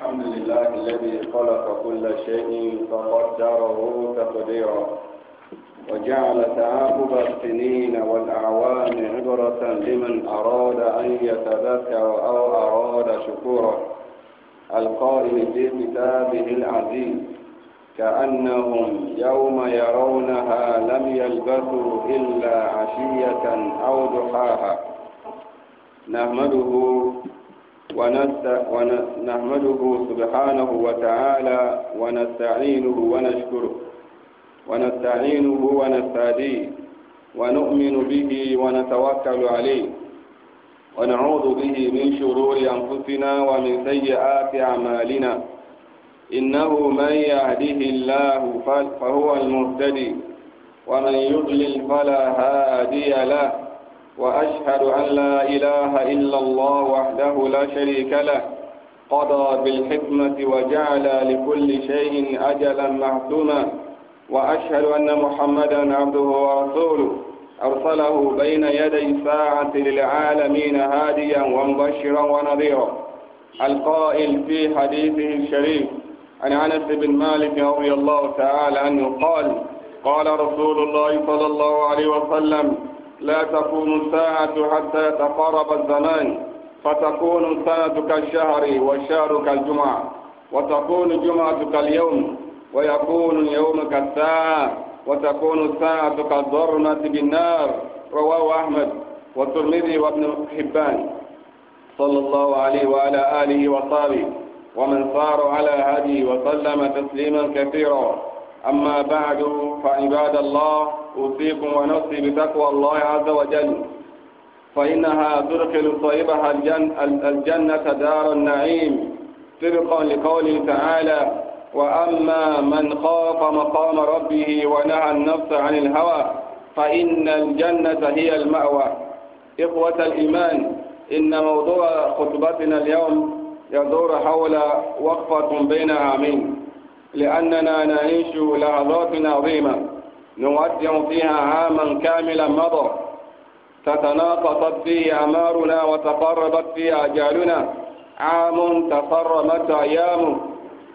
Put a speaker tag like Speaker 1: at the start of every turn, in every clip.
Speaker 1: الحمد لله الذي خلق كل شيء فقدره تقديرا وجعل تعاقب السنين والأعوام عبرة لمن أراد أن يتذكر أو أراد شكورا القائل في كتابه العزيز كأنهم يوم يرونها لم يلبثوا إلا عشية أو ضحاها نحمده ونحمده سبحانه وتعالى ونستعينه ونشكره ونستعينه ونستهديه ونؤمن به ونتوكل عليه ونعوذ به من شرور أنفسنا ومن سيئات أعمالنا إنه من يهده الله فهو المهتدي ومن يضلل فلا هادي له وأشهد أن لا إله إلا الله وحده لا شريك له قضى بالحكمة وجعل لكل شيء أجلا معدوما وأشهد أن محمدا عبده ورسوله أرسله بين يدي ساعة للعالمين هاديا ومبشرا ونذيرا القائل في حديثه الشريف عن أنس بن مالك رضي الله تعالى عنه قال قال رسول الله صلى الله عليه وسلم لا تكون الساعة حتى تقارب الزمان فتكون السنة كالشهر والشهر كالجمعة وتكون الجمعة كاليوم ويكون اليوم كالساعة وتكون الساعة كالضرمة بالنار رواه أحمد والترمذي وابن حبان صلى الله عليه وعلى آله وصحبه ومن صار على هدي وسلم تسليما كثيرا أما بعد فعباد الله أوصيكم ونفسي بتقوى الله عز وجل فإنها صيبها الجنة, الجنة دار النعيم طبقا لقوله تعالى وأما من خاف مقام ربه ونهى النفس عن الهوى فإن الجنة هي المأوى إخوة الإيمان إن موضوع خطبتنا اليوم يدور حول وقفة بين عامين لأننا نعيش لحظات عظيمة نودع فيها عاما كاملا مضى تتناقصت فيه أمارنا وتقربت فيه أجالنا عام تصرمت أيامه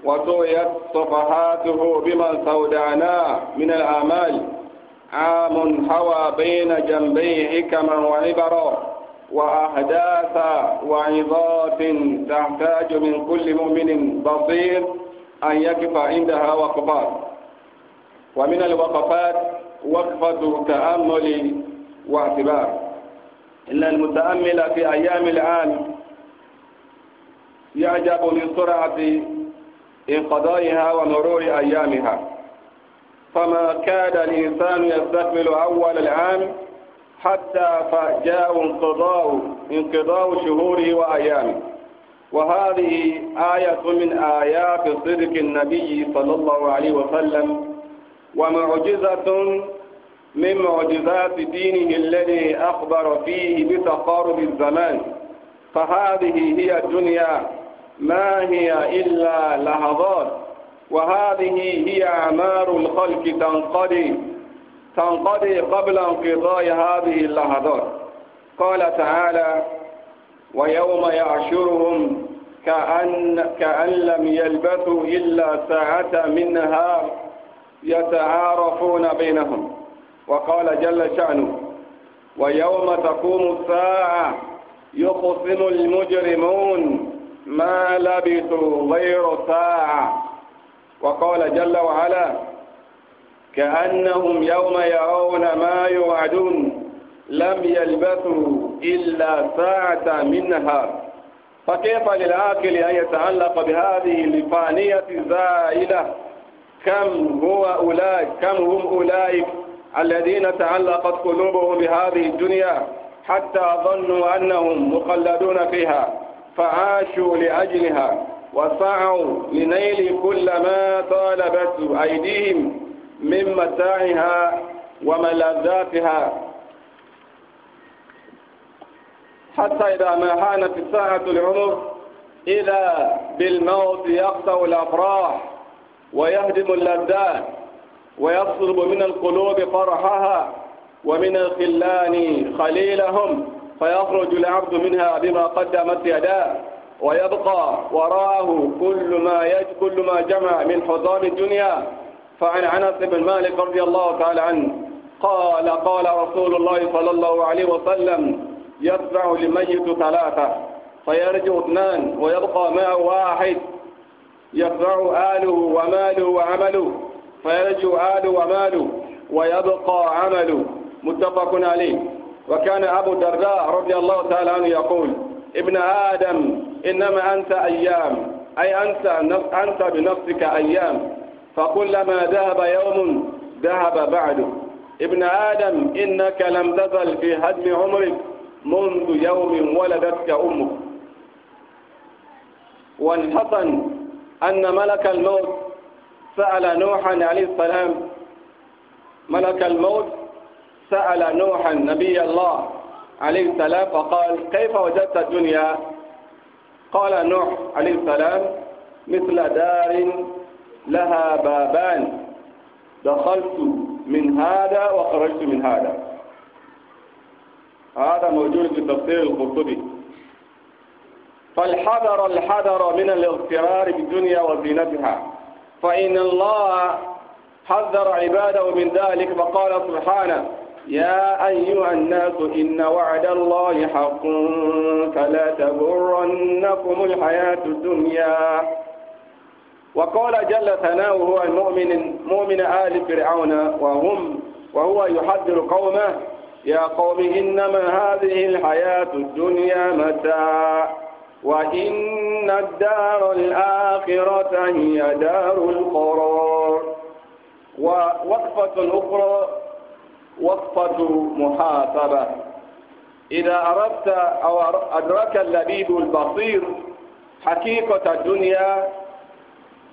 Speaker 1: وطويت صفحاته بمن سودعنا من الآمال عام حوى بين جنبيه حكما وعبرا وأحداث وعظات تحتاج من كل مؤمن بصير أن يقف عندها وقفات ومن الوقفات وقفة تأمل واعتبار إن المتأمل في أيام العام يعجب من سرعة انقضائها ومرور أيامها فما كاد الإنسان يستكمل أول العام حتى فجاء انقضاء انقضاء شهوره وأيامه وهذه آية من آيات صدق النبي صلى الله عليه وسلم ومعجزة من معجزات دينه الذي أخبر فيه بتقارب الزمان فهذه هي الدنيا ما هي إلا لحظات وهذه هي أعمار الخلق تنقضي تنقضي قبل انقضاء هذه اللحظات قال تعالى ويوم يعشرهم كأن, كأن لم يلبثوا إلا ساعة من نهار يتعارفون بينهم وقال جل شأنه ويوم تقوم الساعة يقسم المجرمون ما لبثوا غير ساعة وقال جل وعلا كأنهم يوم يرون ما يوعدون لم يلبثوا إلا ساعة من نهار فكيف للآكل أن يتعلق بهذه الفانية الزائلة كم هو أولئك كم هم أولئك الذين تعلقت قلوبهم بهذه الدنيا حتى ظنوا أنهم مخلدون فيها فعاشوا لأجلها وسعوا لنيل كل ما طالبته أيديهم من متاعها وملذاتها حتى إذا ما حانت الساعة العمر إذا بالموت يقطع الأفراح ويهدم اللذات ويصرب من القلوب فرحها ومن الخلان خليلهم فيخرج العبد منها بما قدمت يداه ويبقى وراءه كل ما يج كل ما جمع من حطام الدنيا فعن عنس بن مالك رضي الله تعالى عنه قال قال رسول الله صلى الله عليه وسلم يرجع للميت ثلاثة فيرجع اثنان ويبقى معه واحد يرجع آله وماله وعمله فيرجع آله وماله ويبقى عمله متفق عليه وكان أبو الدرداء رضي الله تعالى عنه يقول ابن آدم إنما أنت أيام أي أنت, أنت بنفسك أيام فكلما ذهب يوم ذهب بعده ابن آدم إنك لم تزل في هدم عمرك منذ يوم ولدتك أمك والحسن أن ملك الموت سأل نوحا عليه السلام ملك الموت سأل نوحا نبي الله عليه السلام فقال كيف وجدت الدنيا قال نوح عليه السلام مثل دار لها بابان دخلت من هذا وخرجت من هذا هذا موجود في تفسير القرطبي فالحذر الحذر من الاغترار بالدنيا وزينتها فإن الله حذر عباده من ذلك فقال سبحانه يا أيها الناس إن وعد الله حق فلا تغرنكم الحياة الدنيا وقال جل ثناؤه عن مؤمن مؤمن آل فرعون وهم وهو يحذر قومه يا قوم إنما هذه الحياة الدنيا متاع وإن الدار الآخرة هي دار القرار ووقفة أخرى وقفة محاسبة إذا أردت أو أدرك اللبيب البصير حقيقة الدنيا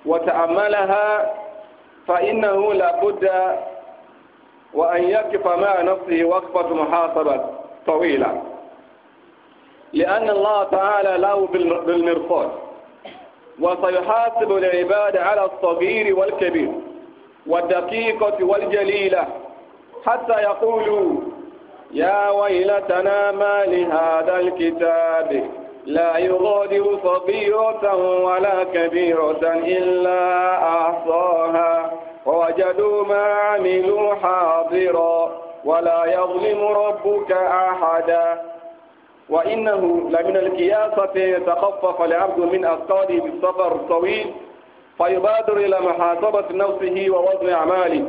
Speaker 1: وتأملها فإنه لابد وأن يقف مع نفسه وقفة محاسبة طويلة لأن الله تعالى له بالمرصاد وسيحاسب العباد على الصغير والكبير والدقيقة والجليلة حتى يقولوا يا ويلتنا ما لهذا الكتاب لا يغادر صغيرة ولا كبيرة إلا أحصاها ووجدوا ما عملوا حاضرا ولا يظلم ربك أحدا وإنه لمن الكياسة يتخفف العبد من أثقاله بالسفر الطويل فيبادر إلى محاسبة نفسه ووزن أعماله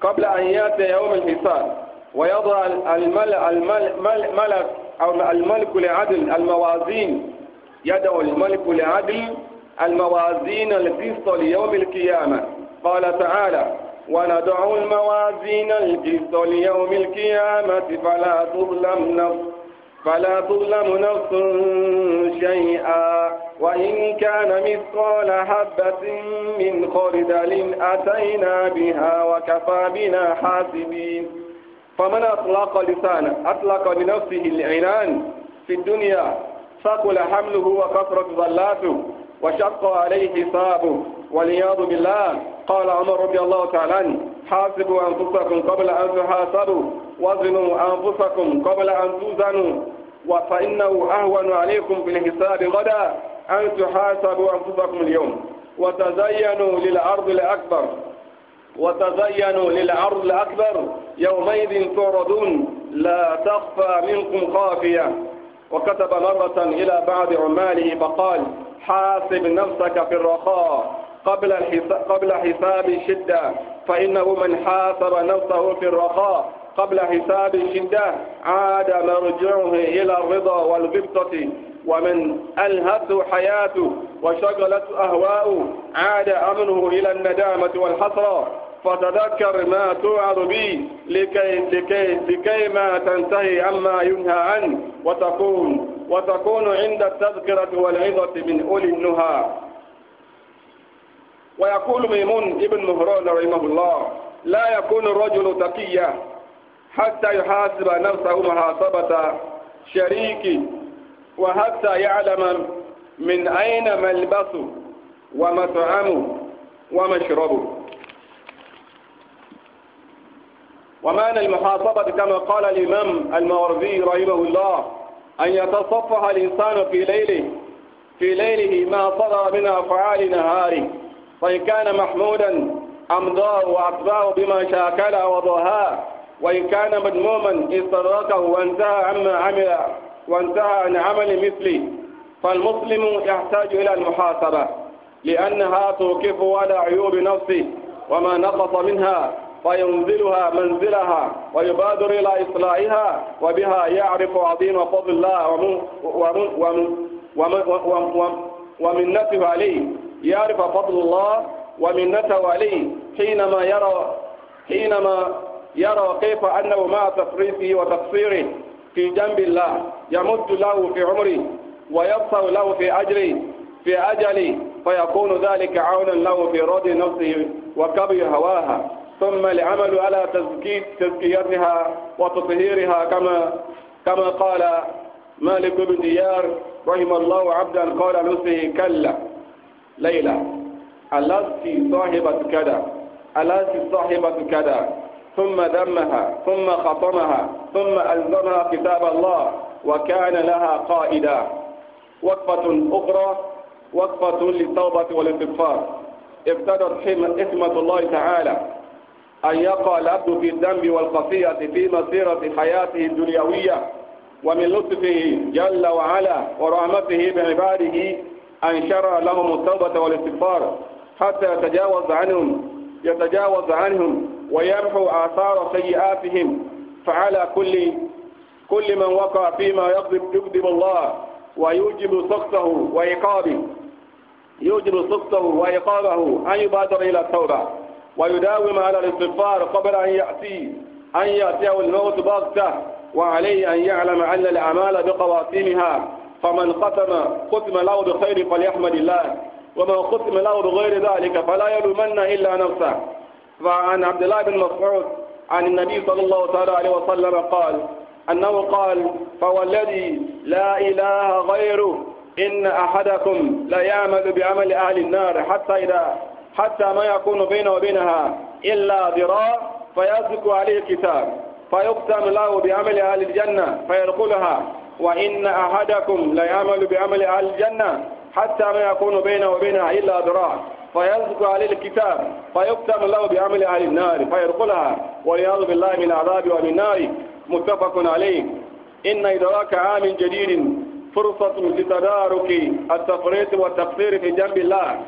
Speaker 1: قبل أن يأتي يوم الحساب ويضع الملأ الملك أو الملك لعدل الموازين يدعو الملك لعدل الموازين القسط ليوم القيامة قال تعالى ونضع الموازين الجزء ليوم القيامة فلا تظلم نفس فلا تظلم نفس شيئا وإن كان مثقال حبة من خردل أتينا بها وكفى بنا حاسبين فمن أطلق لسانه أطلق بنفسه العنان في الدنيا ثقل حمله وكثرت ظلاته وشق عليه حسابه والعياذ بالله قال عمر رضي الله تعالى عنه حاسبوا أنفسكم قبل أن تحاسبوا وزنوا أنفسكم قبل أن توزنوا وفإنه أهون عليكم في الحساب غدا أن تحاسبوا أنفسكم اليوم وتزينوا للعرض الأكبر وتزينوا للعرض الأكبر يومئذ تعرضون لا تخفى منكم خافية وكتب مرة إلى بعض عماله فقال حاسب نفسك في الرخاء قبل قبل حساب الشدة فإنه من حاسب نفسه في الرخاء قبل حساب الشدة عاد مرجعه إلى الرضا والغبطة ومن ألهته حياته وشغلت أهواؤه عاد أمره إلى الندامة والحسرة فتذكر ما توعظ به لكي, لكي, لكي ما تنتهي عما ينهى عنه وتكون وتكون عند التذكرة والعظة من أولي النهى ويقول ميمون ابن مهران رحمه الله لا يكون الرجل تقيا حتى يحاسب نفسه محاسبة شريكه وحتى يعلم من أين ملبسه ومطعمه ومشربه ومعنى المحاسبة كما قال الإمام الماوردي رحمه الله أن يتصفح الإنسان في ليله في ليله ما صدر من أفعال نهاره فإن كان محمودا أمضاه وأطباه بما شاكل وضهاه وإن كان مذموما استدركه وانتهى عما عمل وانتهى عن عمل مثله فالمسلم يحتاج إلى المحاسبة لأنها توقف على عيوب نفسه وما نقص منها فينزلها منزلها ويبادر إلى إصلاحها وبها يعرف عظيم فضل الله ومنته عليه يعرف فضل الله ومنته عليه حينما يرى حينما يرى كيف أنه مع تفريطه وتقصيره في جنب الله يمد له في عمره ويدفع له في أجره في أجله فيكون ذلك عونا له في رد نفسه وكبر هواها ثم العمل على تزكيتها وتطهيرها كما كما قال مالك بن ديار رحم الله عبدا قال نفسه كلا ليلى التي صاحبة كذا التي صاحبة كذا ثم ذمها ثم خطمها ثم ألزمها كتاب الله وكان لها قائدا وقفة أخرى وقفة للتوبة والاستغفار ابتدت حكمة الله تعالى أن يقع العبد في الذنب والخطيئة في مسيرة حياته الدنيوية ومن لطفه جل وعلا ورحمته بعباده أن شرع لهم التوبة والاستغفار حتى يتجاوز عنهم يتجاوز عنهم ويمحو آثار سيئاتهم فعلى كل كل من وقع فيما يغضب يغضب الله ويوجب سخطه وعقابه يوجب سخطه وعقابه أن يبادر إلى التوبة ويداوم على الاستغفار قبل أن يأتي أن يأتيه الموت بغتة وعليه أن يعلم أن الأعمال بقواسمها فمن ختم ختم له بخير فليحمد الله ومن ختم له بغير ذلك فلا يلومن إلا نفسه فعن عبد الله بن مسعود عن النبي صلى الله عليه وسلم قال أنه قال فوالذي لا إله غيره إن أحدكم لا يعمل بعمل أهل النار حتى إذا حتى ما يكون بينه وبينها إلا ذراع فيسبق عليه الكتاب فيقسم له بعمل أهل الجنة فيدخلها وإن أحدكم ليعمل بعمل أهل الجنة حتى ما يكون بينه وبينها إلا ذراع فيسبق عليه الكتاب فيكتب له بعمل أهل النار فيرقلها والعياذ بالله من العذاب ومن النار متفق عليه إن إدراك عام جديد فرصة لتدارك التفريط والتقصير في جنب الله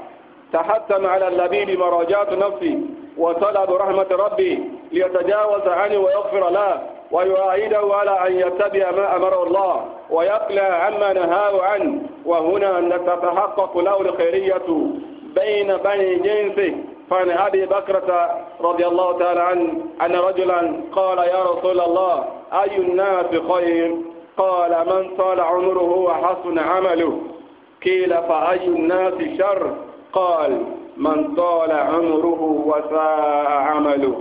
Speaker 1: تحتم على اللبيب مراجعة نفسي وطلب رحمة ربي ليتجاوز عني ويغفر له ويعيده على أن يتبع ما أمره الله ويقلع عما نهاه عنه وهنا تتحقق له الخيرية بين بني جنسه فعن أبي بكرة رضي الله تعالى عنه أن رجلا قال يا رسول الله أي الناس خير قال من طال عمره وحسن عمله قيل فأي الناس شر قال من طال عمره وساء عمله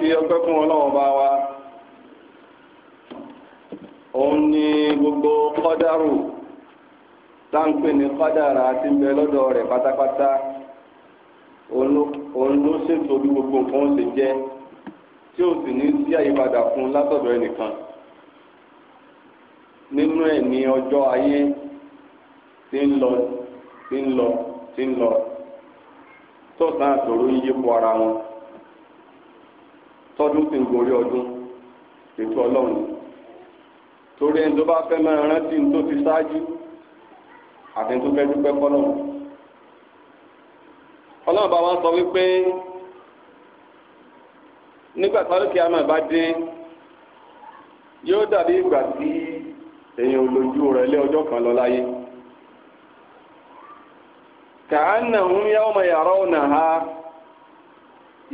Speaker 1: fi ọpẹ́ fún Ọlọ́run bá wa òun ni gbogbo kọdàrú táǹpẹ ní kọdàrà àti ń bẹ lọ́dọ̀ rẹ̀ pátápátá òun ló ṣètò bí gbogbo nǹkan ṣe jẹ́ tí ó sì ní sí àyípadà fún látọ̀dọ̀ ẹnìkan nínú ẹ̀ ní ọjọ́ ayé tí ń lọ tí ń lọ tí ń lọ tó sàn àtòrò yíyípo ara wọn. tọdún sì ń gorí ọdún ètò ọlọ́run torí ẹni tó bá fẹ́ máa rántí tó ti ṣáájú àti tó fẹ́ dúpẹ́ fọlọ́run ọlọ́run bá wa sọ wípé nígbà tálókè àmọ́ bá dé yóò dàbí ìgbà tí èèyàn olójú rẹ̀ lé ọjọ́ kan lọ láyé kàánà ń yawma yarawnaha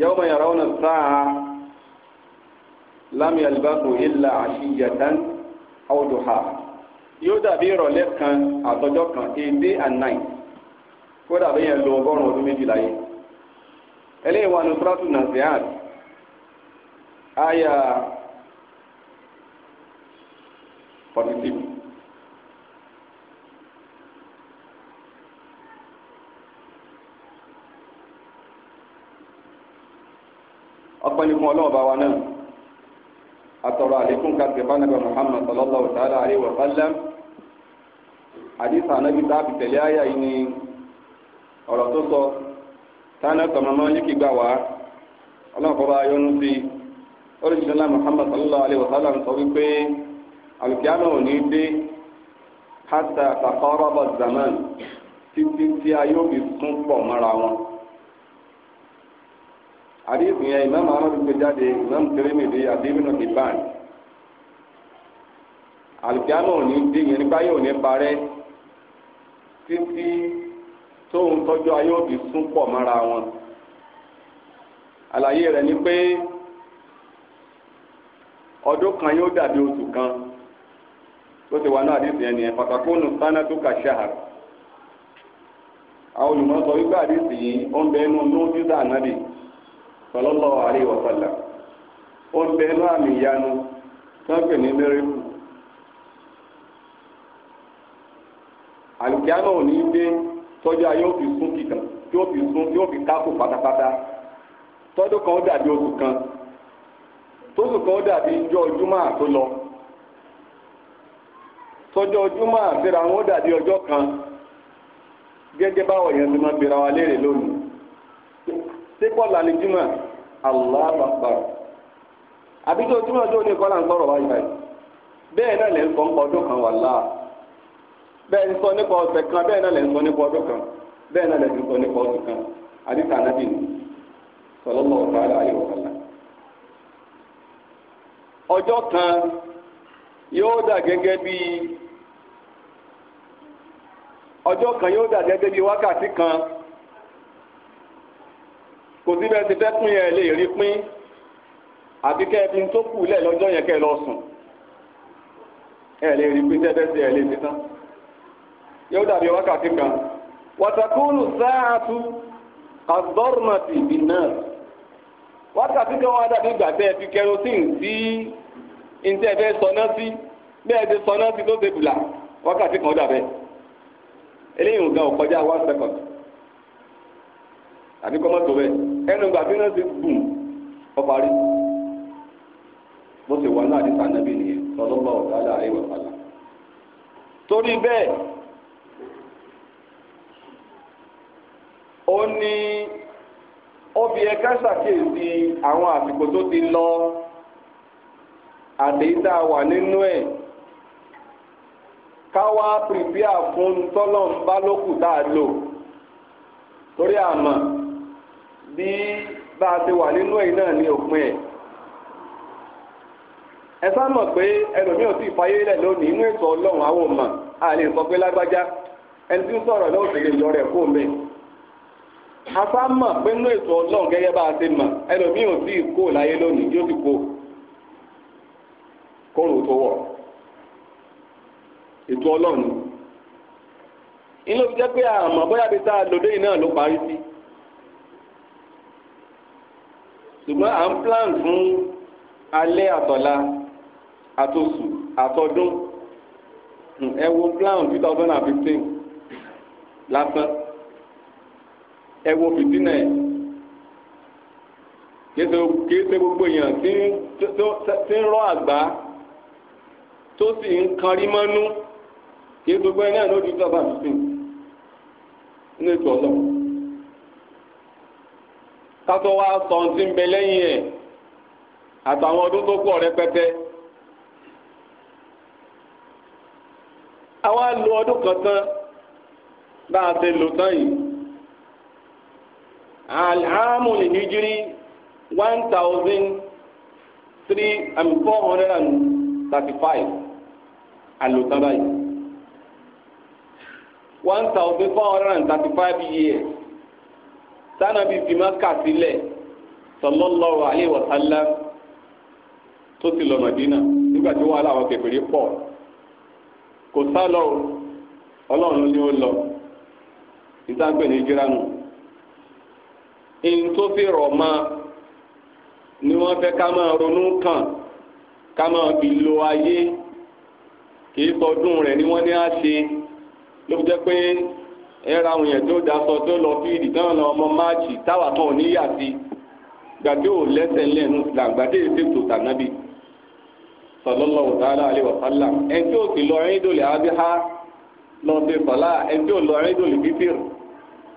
Speaker 1: yawma yarawna sáà. lam yalbasu illa ashiyatan aw duha yóò dàbí ìrọ̀lẹ́ kan àtọjọ́ kan a day and night kódà bí yẹn lo ọgọ́rùn-ún ọdún méjìlá yẹn eléyìí wà ní sùràtù nàzíàt àyà forty six. ọpẹ́ ni fún ọlọ́ọ̀bá wa náà atọrọ àlékún ká gbẹ̀fà nàbẹ̀ muhammad sallallahu ta'ala alayhi wa sallam àdìsá anabi tábì tẹ̀lé àyà yìí ni ọ̀rọ̀ tó sọ tánà tọmọmọ yìí gbà wá ọlọ́run kọ́ bá yọnu sí i oríṣiríṣi náà muhammad sallallahu alayhi wa sallam sọ wípé alùpùpù ò ní dé hátà taqaraba zaman títí tí a yóò sún pọ̀ mọ́ra wọn. àdéhùn yẹn imam ahmed gbé jáde imam tirimidi àdéhùn náà ìbàn àlùkìyámà òní dé yẹn nípa yóò ní parẹ́ títí tóun tọ́jú ayé òbí sún wọn àlàyé rẹ ni pé ọdún kan yóò dàbí oṣù kan tó ti wà yẹn nìyẹn sanadu kashahar àwọn wípé yìí ó ń bẹ sallallahu alaihi wa sallam ó ń bẹ inú àmì ìyanu tó ń pè ní mẹ́rẹ́kù. àlùkìá náà ní dé tọ́jú ayé ó fi sún kíkan tí ó fi sún tí ó fi kákò pátápátá tọ́jú kan ó dàbí oṣù kan tóṣù kan ó dàbí ijó ojúmọ́ àtó lọ tọ́jú ojúmọ́ àtẹ́ra wọn ó dàbí ọjọ́ kan gẹ́gẹ́ báwọn èèyàn ti máa ń gbéra wa léèrè lónìí. sépọ̀ lálẹ́ jùmọ̀ Allahu Akbar àbí tó jùmọ̀ ń sọ̀rọ̀ wáyé báyìí bẹ́ẹ̀ náà kan wallahi bẹ́ẹ̀ ń sọ kan bẹ́ẹ̀ náà lẹ́ ń sọ kan bẹ́ẹ̀ náà lẹ́ ń sọ kan àdìsá ni Ọjọ kan yóò dà gẹgẹ bíi ọjọ kan yóò dà gẹgẹ bíi wákàtí kan. kò sí bẹ́ẹ̀ ti fẹ́ pín yẹn lè rí pín àbí kẹ́ ẹ fi tó kù lẹ̀ lọ́jọ́ yẹn kẹ́ ẹ lọ sùn ẹ lè rí pín tẹ́tẹ́ sí ẹ lè ti tán yóò dàbí wákàtí kan wàtàkùnù sáàtú àdọ́rùmọ̀tì bìnnà wákàtí kan wá dàbí ìgbà tẹ́ ẹ fi kẹrosíìnì sí ntẹ́ ẹ fẹ́ sọná sí bẹ́ẹ̀ ti sọná sí tó ṣe wákàtí kan dàbẹ́ eléyìí nǹkan ò kọjá one second àbí kọ́mọ́tò bẹ́ẹ̀ ẹnu gbà bí náà ti bùn ọparí bó ṣe wà láàdí sànẹ́bí nìyẹn lọ́lọ́gbà ọ̀gá láàrin wàhálà torí bẹ́ẹ̀ ó ní obì ẹ̀ka ṣàkíyèsí àwọn àsìkò tó ti lọ àdéhìí wà nínú ẹ̀ ká pìpìà fún tọ́lọ́mbá lókù tá a lò torí àmọ́. bí bá a wà nínú ẹ̀ náà ní òpin ẹ̀ ẹ sá mọ̀ pé ẹlòmíì ò sì fayé lẹ̀ lónìí inú ètò ọlọ́run àwọn ọmọ a lè sọ pé lágbájá ẹni tí ń sọ̀rọ̀ náà sì lè lọ rẹ̀ kó mẹ́ a sá mọ̀ pé inú ètò ọlọ́run gẹ́gẹ́ bá a ti mọ̀ ẹlòmíì ò sì kó láyé lónìí yóò sì kó kóòrò tó wọ̀ ètò ọlọ́run inú fi jẹ́ pé àmọ́ bóyá bí tá a lòdè náà ló parí sí. ṣùgbọ́n à ń plan fún alẹ́ àtọ̀la àtòsù àtọdún hmm, ẹ wo plan two thousand and fifteen lásán ẹ wo fìdínà ẹ kìí ṣe gbogbo èèyàn tí ń rọ àgbá tó sì ń kanrí mọ́nú kìí ṣe gbogbo ẹ̀ náà lójú two thousand and fifteen nínú ètò ọlọ́run kátó wá sọ ohun tí ń bẹ lẹ́yìn ẹ̀ àtàwọn ọdún tó kú ọ̀rẹ́ pẹ́tẹ́. àwa lo ọdún kan tán bá a ṣe lò tán yìí alhamu lè hijiri one thousand three and um, four hundred and thirty five àlòtán báyìí one thousand four hundred and thirty five years. tánàbí fi kà sílẹ̀ sallallahu alaihi wa tó ti lọ nà nígbà tí pọ̀ kò sá lọ Ọlọ́run ni ó lọ ìtàgbẹ ní ìyìn tó wọ́n fẹ́ ká máa ronú kàn ká máa ayé kì í rẹ̀ ni wọ́n ní á ṣe ẹ̀rọ àwọn yẹn tó daṣọ tó lọ fíìdì táwọn lọ ọmọ máàcì táwa kan ò ní yà sí gbàdé ò lẹ́sẹ̀ lẹ́nu là gbàdé èsè tó tànábì sallallahu ta'ala alaihi wa sallam ẹni tí ó sì lọ ẹni dòlè abíhá lọ sí sọlá ẹni tí ó lọ ẹni dòlè bíbír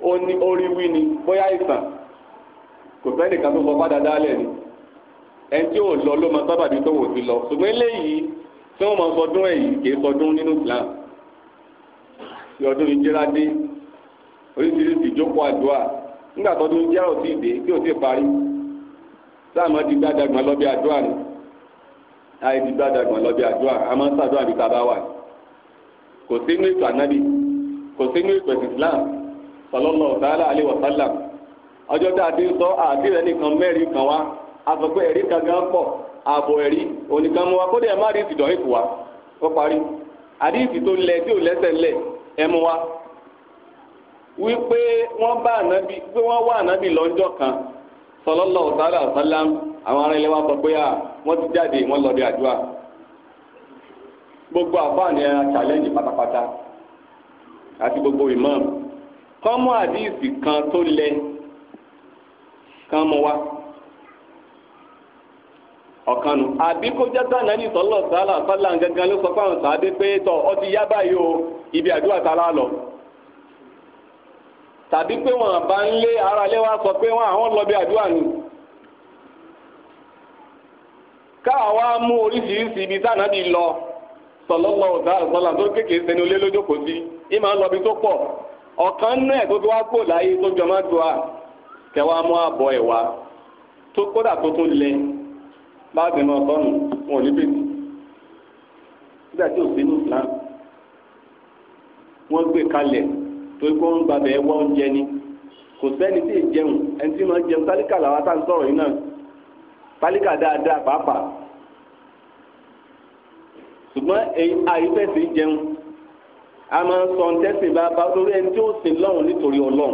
Speaker 1: ó ní orí wí ni bóyá ìsàn kò fẹ́ nìkan tó sọ padà dálẹ̀ ni ẹni tí ó lọ ló máa sábàbí tó wò sí lọ ṣùgbọ́n eléyìí tí wọ́n máa sọdún ẹ̀yìn kì í sọdún nínú Islam yọdún ìjírádé oríṣiríṣi ìjókòó àdúrà nígbà tó tún jẹ́ òtí ìdè tí ò sì parí sáàmù ti gbádàgbọ̀n lọ́bí àdúrà ni àì ti gbádàgbọ̀n lọ́bí àdúrà a máa ń sàdúrà bí bá wà kò sínú ètò ànábì kò sínú ètò Islam ọjọ́ tá sọ àti rẹ nìkan mẹ́rin kan wá pé ẹ̀rí pọ̀ ẹ̀rí mu wa kó ó parí tó lẹ tí ò lẹ́sẹ̀ mú wípé wọn bá ànábì pé wá ànábì kan sọlọ́lọ́ ọ̀tàlá ọ̀sálám àwọn ará ilé wa sọ pé ti jáde wọn lọ bí àdúrà gbogbo àbáàní ẹ̀ra challenge pátápátá àti gbogbo imam kọ́mọ àdíìsì kan tó lẹ kan mọ wá ọ̀kan àbí kó jẹ́ sáà náà ní gangan ló ọ ti yá báyìí ibi àdúrà tá a lọ. tàbí pé wọn bá ń lé sọ pé wọn àwọn lọ bí àdúrà ni káàwa mú oríṣiríṣi ibi tánàbí lọ sọlọ́lọ́ ọ̀dà àgbọ̀là tó kékeré sẹ́ni olé lójókòó sí máa lọ bí tó pọ̀ ọ̀kan náà tó fi wá kó láyé tó tó a kẹwàá àbọ̀ ẹ̀ wá tó kódà tó tún lẹ báàgì náà tọ́nu wọn ò ní bèèrè nígbà tí ò sínú torí pé wọ́n ń gbàbẹ̀ wọ́n ń jẹ ni kò sẹ́ni tí ì jẹun ẹni tí máa ń jẹun tálíkà làwọn tá à ń sọ̀rọ̀ yìí náà tálíkà dáadáa pàápàá ṣùgbọ́n àyífẹ́sì jẹun a máa ń sọ tẹ́sìn bá bá torí ẹni tí ó sìn lọ́hùn nítorí ọlọ́hùn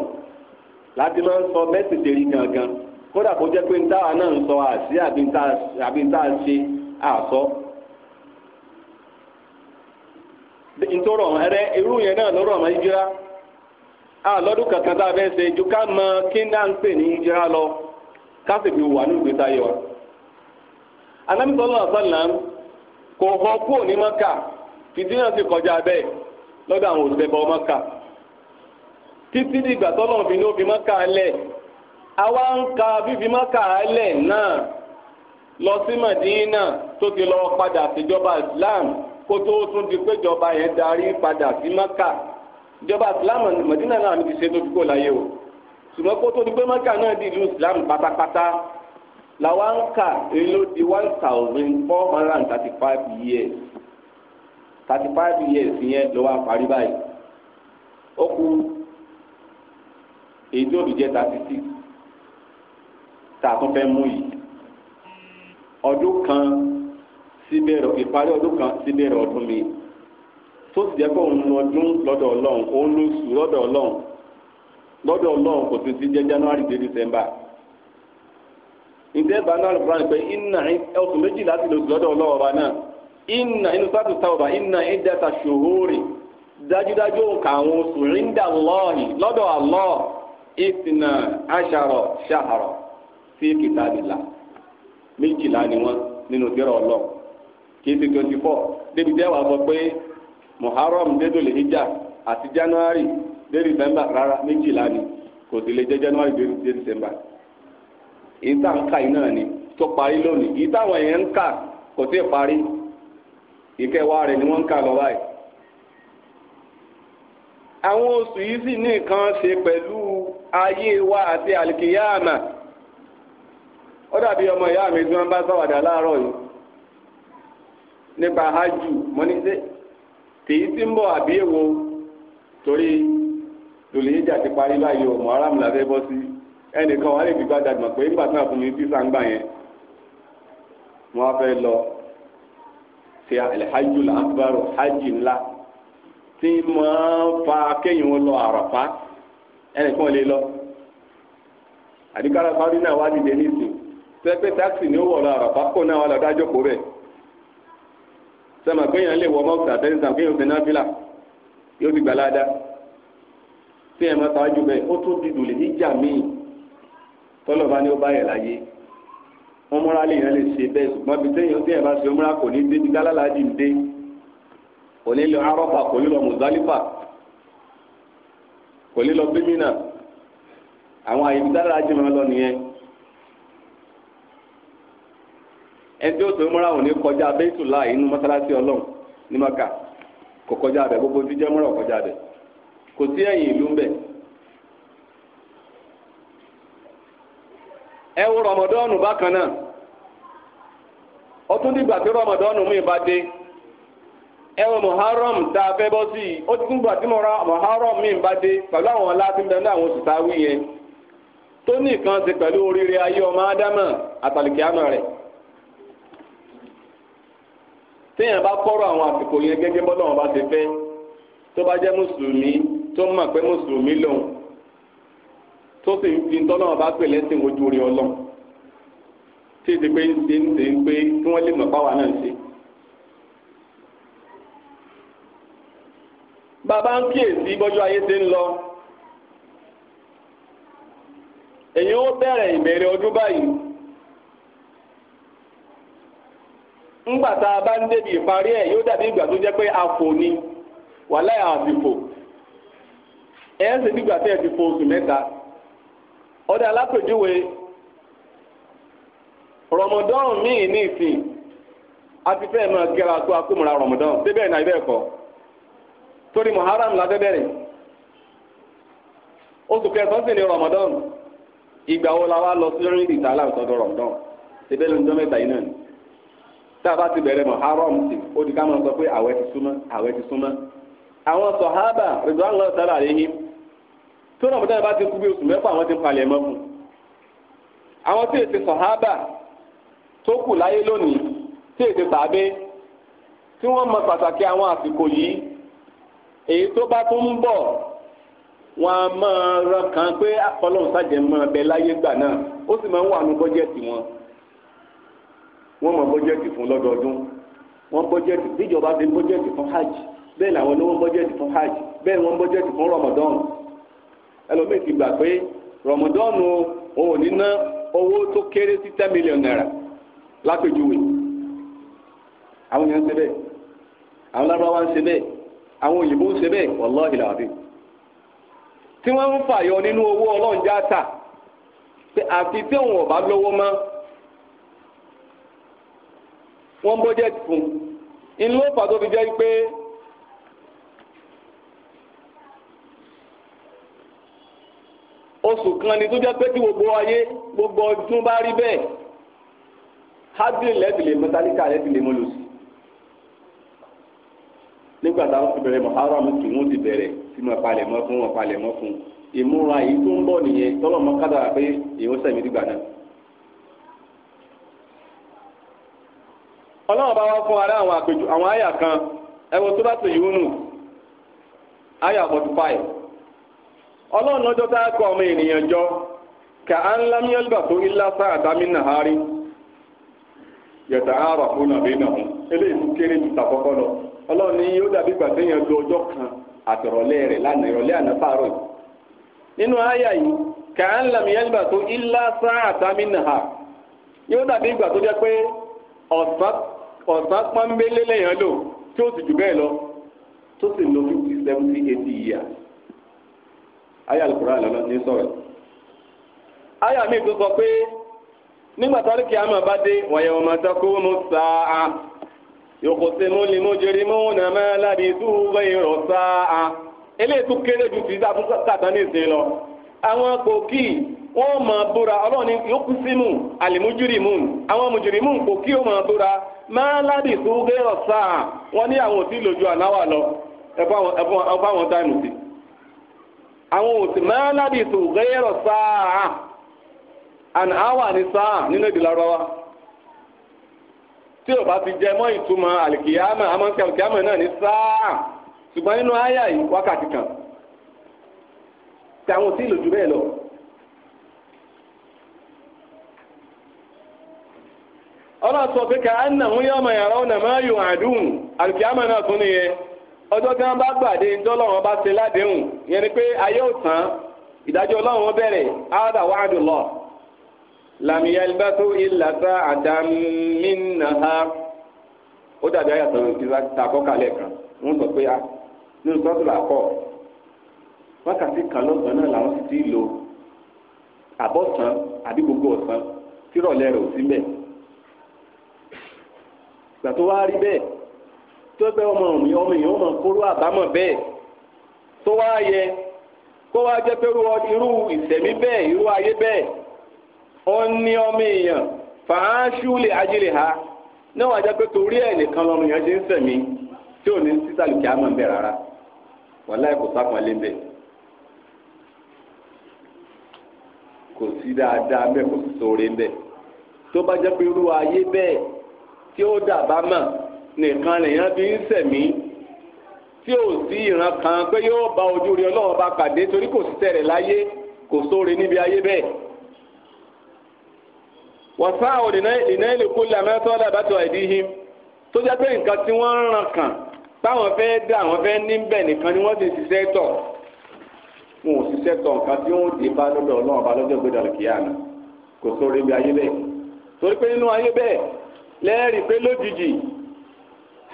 Speaker 1: láti máa ń sọ bẹ́sì tèrí gangan kódà kó jẹ́ pé ń táwa náà ń sọ àṣì àbí ń tá a ṣe àṣọ. ntọ́rọ̀ ẹrẹ irú yẹn náà lọ́rọ̀ máa ń jíra. a ah, kankan tá a fẹ́ ṣe ju ká mọ kí ń pè ní lọ ká sì fi wà ní wa. Ànábì sallallahu kò họ kúrò ní Mọ́kà fìdínà sì kọjá bẹ́ẹ̀ lọ́dọ̀ àwọn òṣìṣẹ́ bọ Mọ́kà. títí di ìgbà tọ́lọ̀ fi ní òfin Mọ́kà lẹ̀ àwa ń ka fífi Mọ́kà lẹ̀ náà lọ sí ti lọ padà síjọba Islam kó tó tún di péjọba yẹn darí padà sí ìjọba islam mọ̀dínà náà mi ti ṣe tó fi kó láyé o ṣùgbọ́n kó tó di pé mọ́kà náà di ìlú islam pátápátá làwa ń kà èyí ló di one thousand four hundred and thirty five years thirty five years yẹn ló wá parí báyìí ó kù èyí tó lù jẹ́ thirty six tá a tún fẹ́ mú yìí ọdún kan síbẹ̀rẹ̀ ìparí ọdún kan síbẹ̀rẹ̀ ọdún mi. tó sì jẹ́ kó ń lọ́dún lọ́dọ̀ ọlọ́run ó ń lóṣù lọ́dọ̀ ọlọ́run lọ́dọ̀ ọlọ́run kò ti jẹ́ january dé december ǹjẹ́ bá náà lọ́dọ̀ pé iná oṣù méjì láti lóṣù lọ́dọ̀ ọlọ́run ọba náà iná inú sátú ọba iná ìdẹ́ta ṣòhórì dájúdájú òǹkà àwọn oṣù ríńdà lọ́ọ̀hìn lọ́dọ̀ àlọ́ ìsìnà àṣàrọ̀ ṣàhàrọ̀ sí kìtàlìlà méjìlá ni wọ́n nínú ọlọ́run kì í ti twenty four débi muharram dédòlè hijab àti january dé december rárá méjìlá ni kò sì lè jẹ́ january dé december ìta ń iná ni tó parí lónìí ìta èèyàn ń kà kò parí ìkẹwàá rẹ ni wọ́n ń kà lọ báyìí àwọn oṣù yìí sì ní nǹkan ṣe ọmọ ìyá mi tí bá láàárọ̀ tèyí tí ń bọ̀ àbí èwo torí lòlìyíjà ti parí báyìí o muharam la fẹ́ bọ́ sí ẹnìkan wà lè fi gbàdá gbọ̀n pé ńgbà náà fún mi bí sàǹgbà yẹn wọ́n á fẹ́ lọ ṣe alhajj al-akbar ńlá tí máa ń fa kéèyàn lọ àràfá ẹnìkan lè lọ àdìkára fárí wá dìde nísìn pẹ́pẹ́ táksì ni ó wọ̀ lọ àràfá kó náà wà lọ́dájọ́ kó bẹ́ẹ̀ sọmọ kéèyàn lè wọ mọ́ọ̀sì àtẹ́sán kéèyàn ṣe náfìlà yóò ti gbàládá tí ẹ̀ máa ṣáájú bẹ́ẹ̀ ó tún dìdù lè níjà míì tọ́lọ́ba ni ó bá yẹ̀ láyé ọmọra lè yẹn lè ṣe bẹ́ẹ̀ ṣùgbọ́n bí téèyàn tí ẹ̀ bá ṣe ọmọra kò ní débi gálálà dì ń dé kò ní lọ arọ́pà kò ní lọ mùsálífà kò ní lọ bímínà àwọn àyè gálálà dì máa lọ nìyẹn ẹni tí ó tó múra òní kọjá bẹ́tùlá inú mọ́sálásí ọlọ́run ní maka kò kọjá bẹ̀ gbogbo tí jẹ́ múra kọjá kò sí ẹ̀yìn ìlú ń bẹ̀. ẹ wo rọmọdọ́ọ̀nù bákan náà ọtún mi bá dé ẹ wo muharram tá a fẹ́ bọ́ sí i ó ti tún gbà tí mo ra muharram mi bá dé pẹ̀lú àwọn ọlá tí ní àwọn oṣù tá yẹn tó ní nǹkan pẹ̀lú oríire téèyàn bá kọ́rọ̀ àwọn àsìkò yẹn gẹ́gẹ́ bọ́lá wọn bá ti fẹ́ tó bá jẹ́ mùsùlùmí tó mọ̀ pé mùsùlùmí lòun tó sì ń fi tọ́lọ́ wọn bá pè lẹ́sìn ojú orí ọlọ́ tí èdè pé ń ṣe ń ṣe ń pé kí wọ́n lè mọ̀ páwa náà ṣe. bàbá ń kíyèsí bọ́jú ayé ti ń lọ èyí ó bẹ̀rẹ̀ ìbẹ̀rẹ̀ ọdún báyìí. ńgbà tá a bá ń yóò dàbí ìgbà ni wàhálà àbìfò ẹ̀ ṣe dìgbà tẹ́ ẹ ti fo oṣù mẹ́ta ọ̀dà alápèjúwe rọmọdán míì ní ìsìn àti fẹ́ẹ̀ máa kẹ́ra tó akómọra rọmọdán débẹ̀ náà ibẹ̀ kọ́ torí muharram la oṣù kẹsàn-án sì ni rọmọdán ìgbà wo la wá lọ sí orin ìdìtà aláǹsọ̀dọ̀ rọmọdán débẹ̀ ló ń jọ mẹ́ta yìí tá a bá ti bẹ̀rẹ̀ mọ̀ haram ti ó di ká máa sọ pé àwẹ̀ ti súnmọ́ àwẹ̀ ti súnmọ́ àwọn sọ̀hábà rẹ̀dọ̀ àwọn ọ̀sára rẹ̀ yín tó náà mọ̀tẹ́lẹ̀ bá ti kú bí oṣù mẹ́fà àwọn ti palẹ̀ mọ́ fún àwọn tí èsì sọ̀hábà tó kù láyé lónìí tí èsì tàbí tí wọ́n mọ pàtàkì àwọn àsìkò yìí èyí tó bá tún ń bọ̀ wọn máa rán kan pé akọlọ́hún sájẹ̀ mọ́ ọbẹ̀ wọ́n mọ bọ́jẹ́tì fún lọ́dọọdún wọ́n bọ́jẹ́tì níjọba ti bọ́jẹ́tì fún hajj bẹ́ẹ̀ làwọn ni wọ́n bọ́jẹ́tì fún hajj bẹ́ẹ̀ wọ́n bọ́jẹ́tì fún rọmọdọ́n ẹlòmíì ti gbà pé rọmọdọ́n o ò ní ná owó tó kéré sí ten million naira lápèjúwe àwọn èèyàn ń ṣe bẹ́ẹ̀ àwọn lárúbáwá ń ṣe bẹ́ẹ̀ àwọn òyìnbó ń ṣe bẹ́ẹ̀ wàláhì làbí tí wọ́n ń fàyọ nínú owó ọlọ́njà ta àfi tí òun ọ̀bá wọ́n bọ́jẹ̀tì fún inú ló fà tó fi jẹ́ pé oṣù kan ni tó jẹ́ pé kí gbogbo ayé gbogbo ọdún bá rí bẹ́ẹ̀ hadley lẹ́bìlẹ̀ mẹ́tálíkà lẹ́bìlẹ̀ mọ́lòsì nígbà táwọn ti bẹ̀rẹ̀ muharram kì wọ́n ti bẹ̀rẹ̀ tí wọ́n palẹ̀ mọ́ fún wọn palẹ̀ mọ́ fún ìmúra yìí tó ń bọ̀ nìyẹn tọ́lọ́mọ kádàrà pé èèyàn sẹ̀mí dìgbà náà. ọlọ́run bá wá fún ara àwọn àwọn àyà kan ẹwọ tó bá tó wúnú àyà forty five ọlọ́run lọ́jọ́ tá a kọ ọmọ kà á ń tó ilá sáà dámì nàhárí fún àbí náà eléyìí kéré ju tàkọ́kọ́ lọ ọlọ́run ní yóò dàbí ìgbà yẹn ọjọ́ kan àtọ̀rọ̀lẹ́ rẹ̀ lánàá ìrọ̀lẹ́ ọ̀sán pọ́nbélé lẹ́yìn lò tí ó sì jù bẹ́ẹ̀ lọ tó sì lo fifty seventy eighty years ayé alukura lọ́nà ní sọ̀rọ̀ ayé mi tó sọ pé nígbà tárí kí a máa bá dé wọ̀nyẹ̀ wọ́n máa tẹ́kọ́ mú sáà yòókù sí mú ni mú jerry mú nà má ládi tú bẹ́ẹ̀ rọ̀ sáà eléyìí tún kéré ju ti sáà fún sàtánì sí lọ àwọn kòkì. wọ́n máa búra ọlọ́run ní yókù símù àlìmújúrìmù àwọn mùjúrìmù kò kí ó máa búra máa ládì tó gẹ́rọ̀ sáà wọ́n ní àwọn òsì lójú ànáwà lọ ẹ̀fọ́ àwọn táìmù sí. àwọn òsì máa ládì tó gẹ́rọ̀ sáà àná àwà ní sáà nínú èdè tí ò bá ti jẹ mọ́ ìtumọ̀ àlìkìyàmọ̀ àmọ́kẹ́ àlìkìyàmọ̀ náà ní sáà ṣùgbọ́n nínú àyà yìí wákàtí kan. tí àwọn òsì lójú bẹ́ẹ̀ lọ. ọlọ́run sọ pé ká ẹnà ń yọ ọmọ ọ̀nà máa yọ àdúhùn àlùkìyàmọ̀ náà tún nìyẹn ọjọ́ tí wọ́n bá gbàdé ńdọ́lọ́wọ́n bá ṣe ládéhùn yẹn ni pé ayé ò ìdájọ́ ọlọ́run wọn bẹ̀rẹ̀ áádà wàádù lọ. làmìyàlbàtò ìlàsà àdàmínàhà ó dàbí ayàtọ̀ ìtàkọ́ kalẹ̀ kan wọ́n sọ pé ah, nínú làkọ́ wákàtí kan lọ́sàn náà làwọn ti àbọ̀sán gbà tó wá rí bẹ́ẹ̀ tó bẹ́ ọmọ mi ọmọ èèyàn ọmọ kóró àbámọ̀ bẹ́ẹ̀ tó wá yẹ kó wá jẹ́ pé irú ìsẹ̀mí bẹ́ẹ̀ irú ayé bẹ́ẹ̀ ó ní ọmọ èèyàn fàáṣú lè ajílẹ̀ ha náà wá jẹ́ pé torí ẹ̀ nìkan lọ́mọ èèyàn ṣe ń sẹ̀mí tí ò ní sísàlùkì àmọ̀ ń bẹ̀ rárá wàláì kò sápọn lé bẹ́ẹ̀. kò sí dáadáa bẹ́ẹ̀ kò sí sóore bẹ́ẹ̀ tó bá jẹ́ pé irú ayé bẹ́ẹ̀ tí ó dàbá mọ̀ nìkan lèèyàn fi ń sẹ̀mí tí ò sí ìran kan pé yóò bá ojú rí ọlọ́run bá pàdé torí kò sí tẹ̀rẹ̀ láyé kò sóore níbi ayé bẹ́ẹ̀. wàsá òdìnnà ìlẹ̀kùn làmẹ́ sọ́lá bàtọ̀ àìdíhìn tó jẹ́ pé nǹkan tí wọ́n ń ràn kàn táwọn fẹ́ dá àwọn fẹ́ níbẹ̀ nìkan ni wọ́n ti ṣiṣẹ́ tọ̀ wọn ò ṣiṣẹ́ tọ̀ nǹkan tí wọ́n dé bá lọ́dọ̀ ọlọ́run bá lọ́jọ́ gbẹdọ̀ kìíyàn kò sóore níbi ayé bẹ́ẹ̀ torí pé nínú ayé bẹ́ẹ̀ lẹ́ẹ̀rí pé lójijì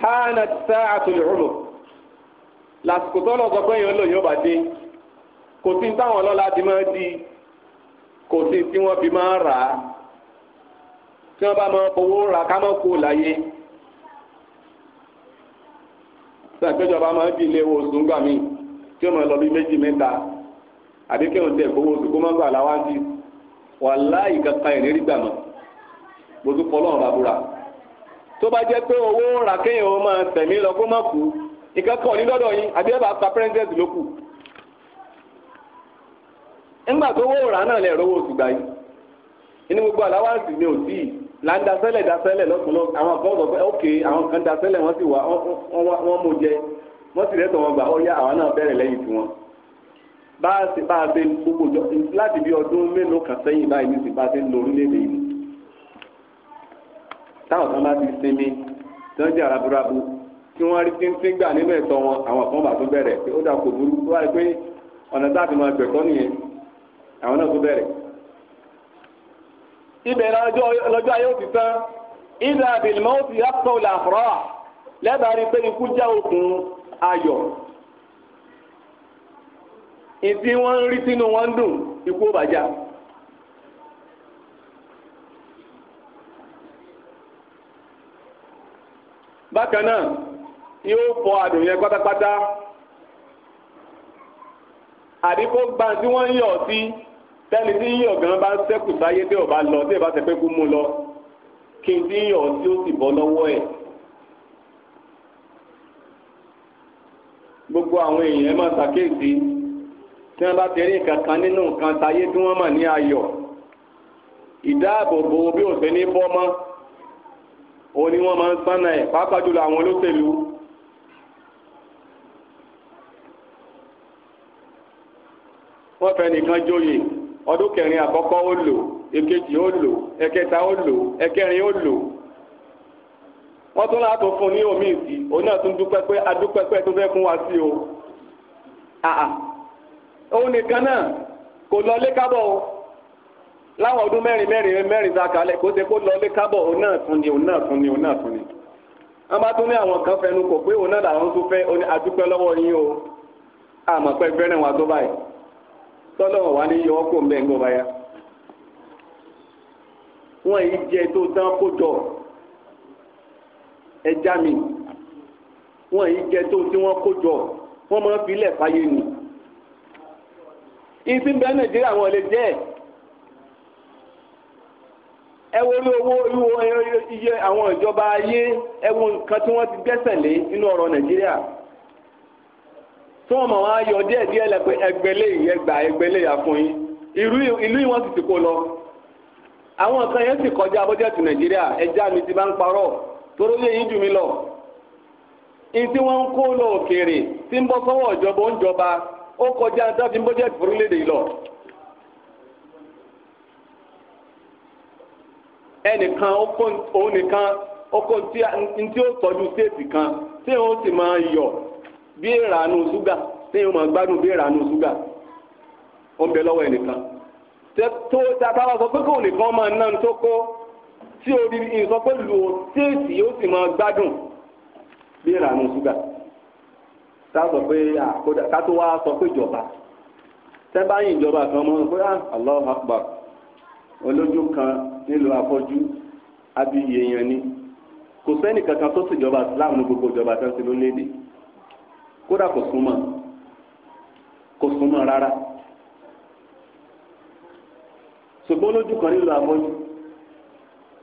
Speaker 1: hánà tá àtúnyẹ̀ rúmù lásìkò tó lọ́sọ pé èèyàn lòyìn ọba dé kò sí táwọn ọlọ́lá ti máa di kò sí tí wọ́n fi máa rà á tí wọ́n bá máa fowó rà ká máa kó láyé sàgbéjọba máa di ilé oṣù ńgbà míì tí wọ́n máa lọ bí méjì mẹ́ta àbí kí wọ́n tẹ̀ fowó oṣù kó máa gbà láwájú wàláì kankan ìrírí gbà mọ́ mo tún bá búra tó bá jẹ́ pé owó rà kéèyàn ó máa tẹ̀mí lọ kó má kú nǹkan kan ní lọ́dọ̀ yín àbí ẹ̀ bá pa pẹ́rẹ́ńtẹ́sì ló kù. ńgbà tó owó rà náà lẹ̀ rówó oṣù gbà yìí inú gbogbo àláwáǹsì ni ò sí yìí là ń dasẹ́lẹ̀ dasẹ́lẹ̀ lọ́kùnrin àwọn kan sọ pé ok àwọn kan dasẹ́lẹ̀ wọ́n sì wá wọ́n mú jẹ wọ́n sì rẹ́tọ̀ wọn gbà ó yá àwọn náà bẹ̀rẹ̀ lẹ́yìn tiwọn. bá a ṣe bá a ṣe gbogbo láti bí ọdún mélòó kan sẹ́yìn báyìí ní ti bá a ṣe ń lo orílẹ̀-èdè yìí táwọn kan bá ti sinmi tí wọ́n jẹ́ arábúrábú tí wọ́n rí tíntín gbà nínú ẹ̀tọ́ wọn àwọn kan bá tó bẹ̀rẹ̀ pé ó dà kò burú tó wáyé pé ọ̀nà tá a ti máa gbẹ̀kọ́ nìyẹn àwọn náà tó bẹ̀rẹ̀. ibẹ̀ lọ́jọ́ ayé òtí tán ìdá àbìlímọ́ ó ti yàtọ̀ òlà àfọ́rọ́ lẹ́bàá rí pé ikú já okùn ayọ̀ ìdí wọ́n rí sínú wọn dùn ikú ó bàjá. bákan náà yóò fọ àdùn yẹn pátápátá àdìpọ̀ gbà tí wọ́n ń yọ̀ sí tẹ́ni tí ń yọ̀ gan bá ń sẹ́kù sáyé tí ò bá lọ tí ì bá tẹ̀pẹ́ kú mú lọ kí n tí ń yọ̀ sí ó sì bọ́ lọ́wọ́ ẹ̀. gbogbo àwọn èèyàn máa ṣàkíyèsí tí wọ́n bá ti rí nǹkan nínú nǹkan sáyé tí wọ́n mọ̀ ní ayọ̀ ìdáàbòbò bí òṣèlú bọ́ mọ́ òun ni wọ́n máa ń sánà ẹ̀ pàápàá jùlọ àwọn olóṣèlú. wọ́n fẹ́ nìkan joyè ọdún kẹrin àkọ́kọ́ ó lò èkejì ó lò ẹ̀kẹta ó lò ẹ̀kẹrin ó lò wọ́n tún láàtò fún ní omi ìsì òun náà tún dúpẹ́ pé adúpẹ́ pé tó fẹ́ fún wa sí o. òun nìkan náà kò lọ lé kábọ̀ o láwọn ọdún mẹ́rin mẹ́rin mẹ́rin ta kalẹ̀ kó ṣe kó lọlé kábọ̀ òun náà tún ni òun náà tún ni òun náà tún ni. wọ́n bá tún ní àwọn kan fẹnu kò pé òun náà làwọn tún fẹ́ oní adúpẹ́ lọ́wọ́ yín o àmọ́ pé fẹ́ràn wa tó báyìí tọ́lọ́wọ̀ wá ní yọwọ́ kó ń bẹ́ẹ̀ báyà. wọ́n yìí jẹ tó tán kó jọ ẹja mi wọ́n yìí jẹ tó tí wọ́n kó jọ wọ́n máa ń filẹ̀ fáyé ni. ìsìn bẹ́ẹ̀ Nàìjíríà wọn lè jẹ́ ẹ̀ ẹ wo orí owó iye àwọn ìjọba ayé ẹ wo nǹkan tí wọ́n ti gbẹ́sẹ̀ lé nínú ọ̀rọ̀ nàìjíríà tí wọ́n mọ̀ wọ́n á yọ díẹ̀ díẹ̀ lẹ́pẹ́ ẹgbẹ́lẹ́ ìyẹgbà ẹgbẹ́lẹ́ ìyàfún yín ìlú ìwọ̀n sì ti kó lọ àwọn nǹkan yẹn sì kọjá bọ́jẹ̀tì nàìjíríà ẹja mi ti bá ń parọ́ toró lè yín jù mí lọ ìtí wọ́n ń kó lọ òkèèrè tí ń bọ́ sọ́wọ́ ìjọba ó ń jọba ó kọjá dábìí bọ́jẹ̀tì fúrílẹ̀ ẹnìkan òun nìkan ọkọ ntí ó tọ́jú séètì kan tí ó sì máa yọ bí ìrànú ṣúgà tí ó máa gbádùn bí ìrànú ṣúgà bẹ lọ́wọ́ ẹnìkan tó tàbá sọ pé kò nìkan máa ná tó kó tí orí nǹkan pé lu séètì ó sì máa gbádùn bí ìrànú ṣúgà sọ pé ká tó wá sọ pé ìjọba tẹ́ báyìí ìjọba kan ah, kan. nílùú afọ́jú abiyì èèyàn ni kò sẹ́ni kankan tó ṣèjọba Islam ní gbogbo ìjọba tó ń ṣe lórílẹ̀‐èdè kódà kò súnmọ́ kò súnmọ́ rárá ṣùgbọ́n lójú kan nílùú afọ́jú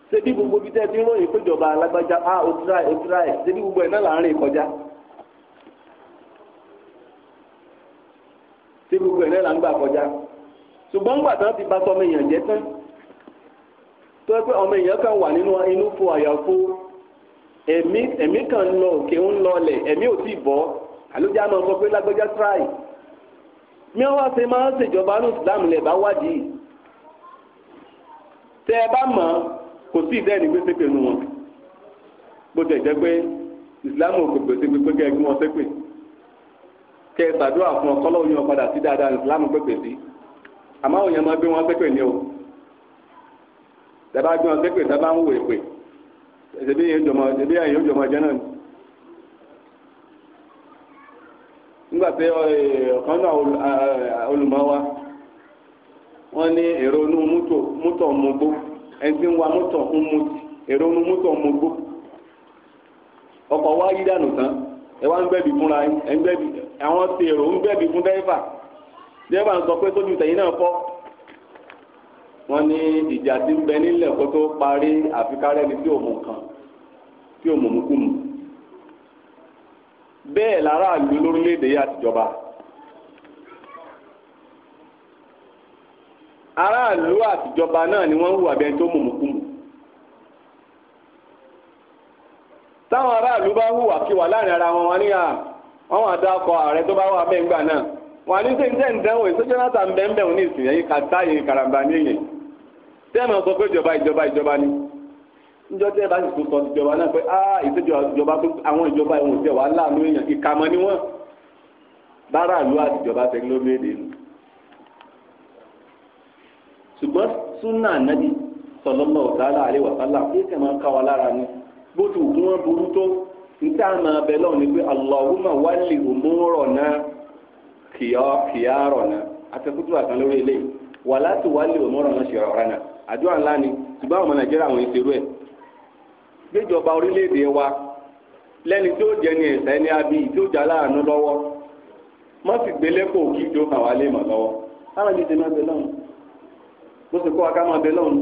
Speaker 1: ṣebí gbogbo bíi tẹ́tí ròyìn péjọba alágbájá a ah, ó tíra ẹ̀ ó tíra ẹ̀ ṣebí gbogbo ẹ̀ náà là ń rìn kọjá gbogbo ẹ̀ náà là ń gbà kọjá ṣùgbọ́n ńgbà ti bá sọmọ èèyàn jẹ́ tán tó yẹ pé ọmọ èèyàn kan wà nínú inú fo àyàfo ẹ̀mí ẹ̀mí kan lọ òkè ń lọlẹ̀ ẹ̀mí ò tí ì bọ́ àlójá máa sọ pé lágbájá tíráì mi wá ṣe máa ń ṣèjọba ní Islam lẹ̀ bá wádìí tẹ ẹ bá mọ̀ kò sí ìdẹ́ni gbèsè pẹ̀lú wọn bó tẹ̀ jẹ́ pé Islam ò kò gbèsè pé kẹ́ ẹ gbé wọn sépè kẹ́ ẹ gbàdúrà fún ọkọ́ lọ́wọ́ yín wọn sí dáadáa Islam pèpè sí àmọ́ òun yẹn máa gbé wọn sépè ní o dábà gbé wọn sépè dábà ń wò èpè ẹsẹ̀ bí ẹ̀yìn òjòmọ̀ ẹ̀jẹ̀ náà ni. nígbà tí ọ̀kan náà olùmọ̀ wa wọ́n ní èrò inú mútọ̀ ń mugbó ẹni tí ń wa mútọ̀ ń mutí èrò inú mútọ̀ ń mugbó ọkọ̀ wa yí dànù tán ẹ wá ń gbẹ̀bí fúnra ẹ ń gbẹ̀bí àwọn ti èrò ń gbẹ̀bí fún dẹ́fà dẹ́fà ń sọ pé sójú tẹ̀yìn náà fọ́ wọ́n ní ìjà tí ń bẹ nílẹ̀ kó tó parí àfikárẹ́ ni tí òmù kan tí òmù mú kù mù bẹ́ẹ̀ lára ìlú lórílẹ̀‐èdè yìí àtijọba aráàlú àtijọba náà ni wọ́n ń hùwà bẹ́ẹ̀ tó mùmùkùmù táwọn aráàlú bá hùwà kí wà láàrin ara wọn wọn ní àwọn àdàkọ ààrẹ tó bá wà bẹ́ẹ̀ ńgbà náà wọn ní sèǹtẹ̀ ń dánwò náà tà ń bẹ́ẹ̀ ń bẹ́ẹ̀ ní ìsìn yẹn yìí karambà ní èyàn tẹ́ẹ̀mọ̀ sọ pé ìjọba ìjọba ìjọba ni níjọ́ tẹ́ẹ̀ bá sì tún sọ ìjọba náà pé ah ìṣèjọba ìjọba tó àwọn ìjọba ìwọ̀n tẹ̀ wá láàánú èèyàn ìkàmọ́ ni wọ́n bára ìlú àtijọba tẹkinọ́lómìnirè nù ṣùgbọ́n súnà nàbì sọlọ́mọ ọ̀tàlá àríwàsálà kí kẹ̀ máa ká wa lára ni bó ti òkú wọn burú tó níta máa bẹ lọ́wọ́ ni pé Allahumma wálé òmùrọ̀ náà kìá kìá rọ̀ náà àtẹkùtù àtàn lórí eléyìí wàlá ti wálé òmùrọ̀ náà ṣèrọ̀ náà àdúrà ńlá ni ṣùgbọ́n àwọn ọmọ nàìjíríà àwọn ìṣerú ẹ̀ gbéjọba orílẹ̀-èdè wa lẹ́ni tí ó jẹ́ ni ẹ̀sà ẹni abí tí ó jà láàánú lọ́wọ́ má sì gbélé kó kí tí ó fà wá lé mọ̀ lọ́wọ́ táwọn ẹni ti máa bẹ lọ́hùn bó ṣe kọ́ wa ká máa bẹ lọ́hùn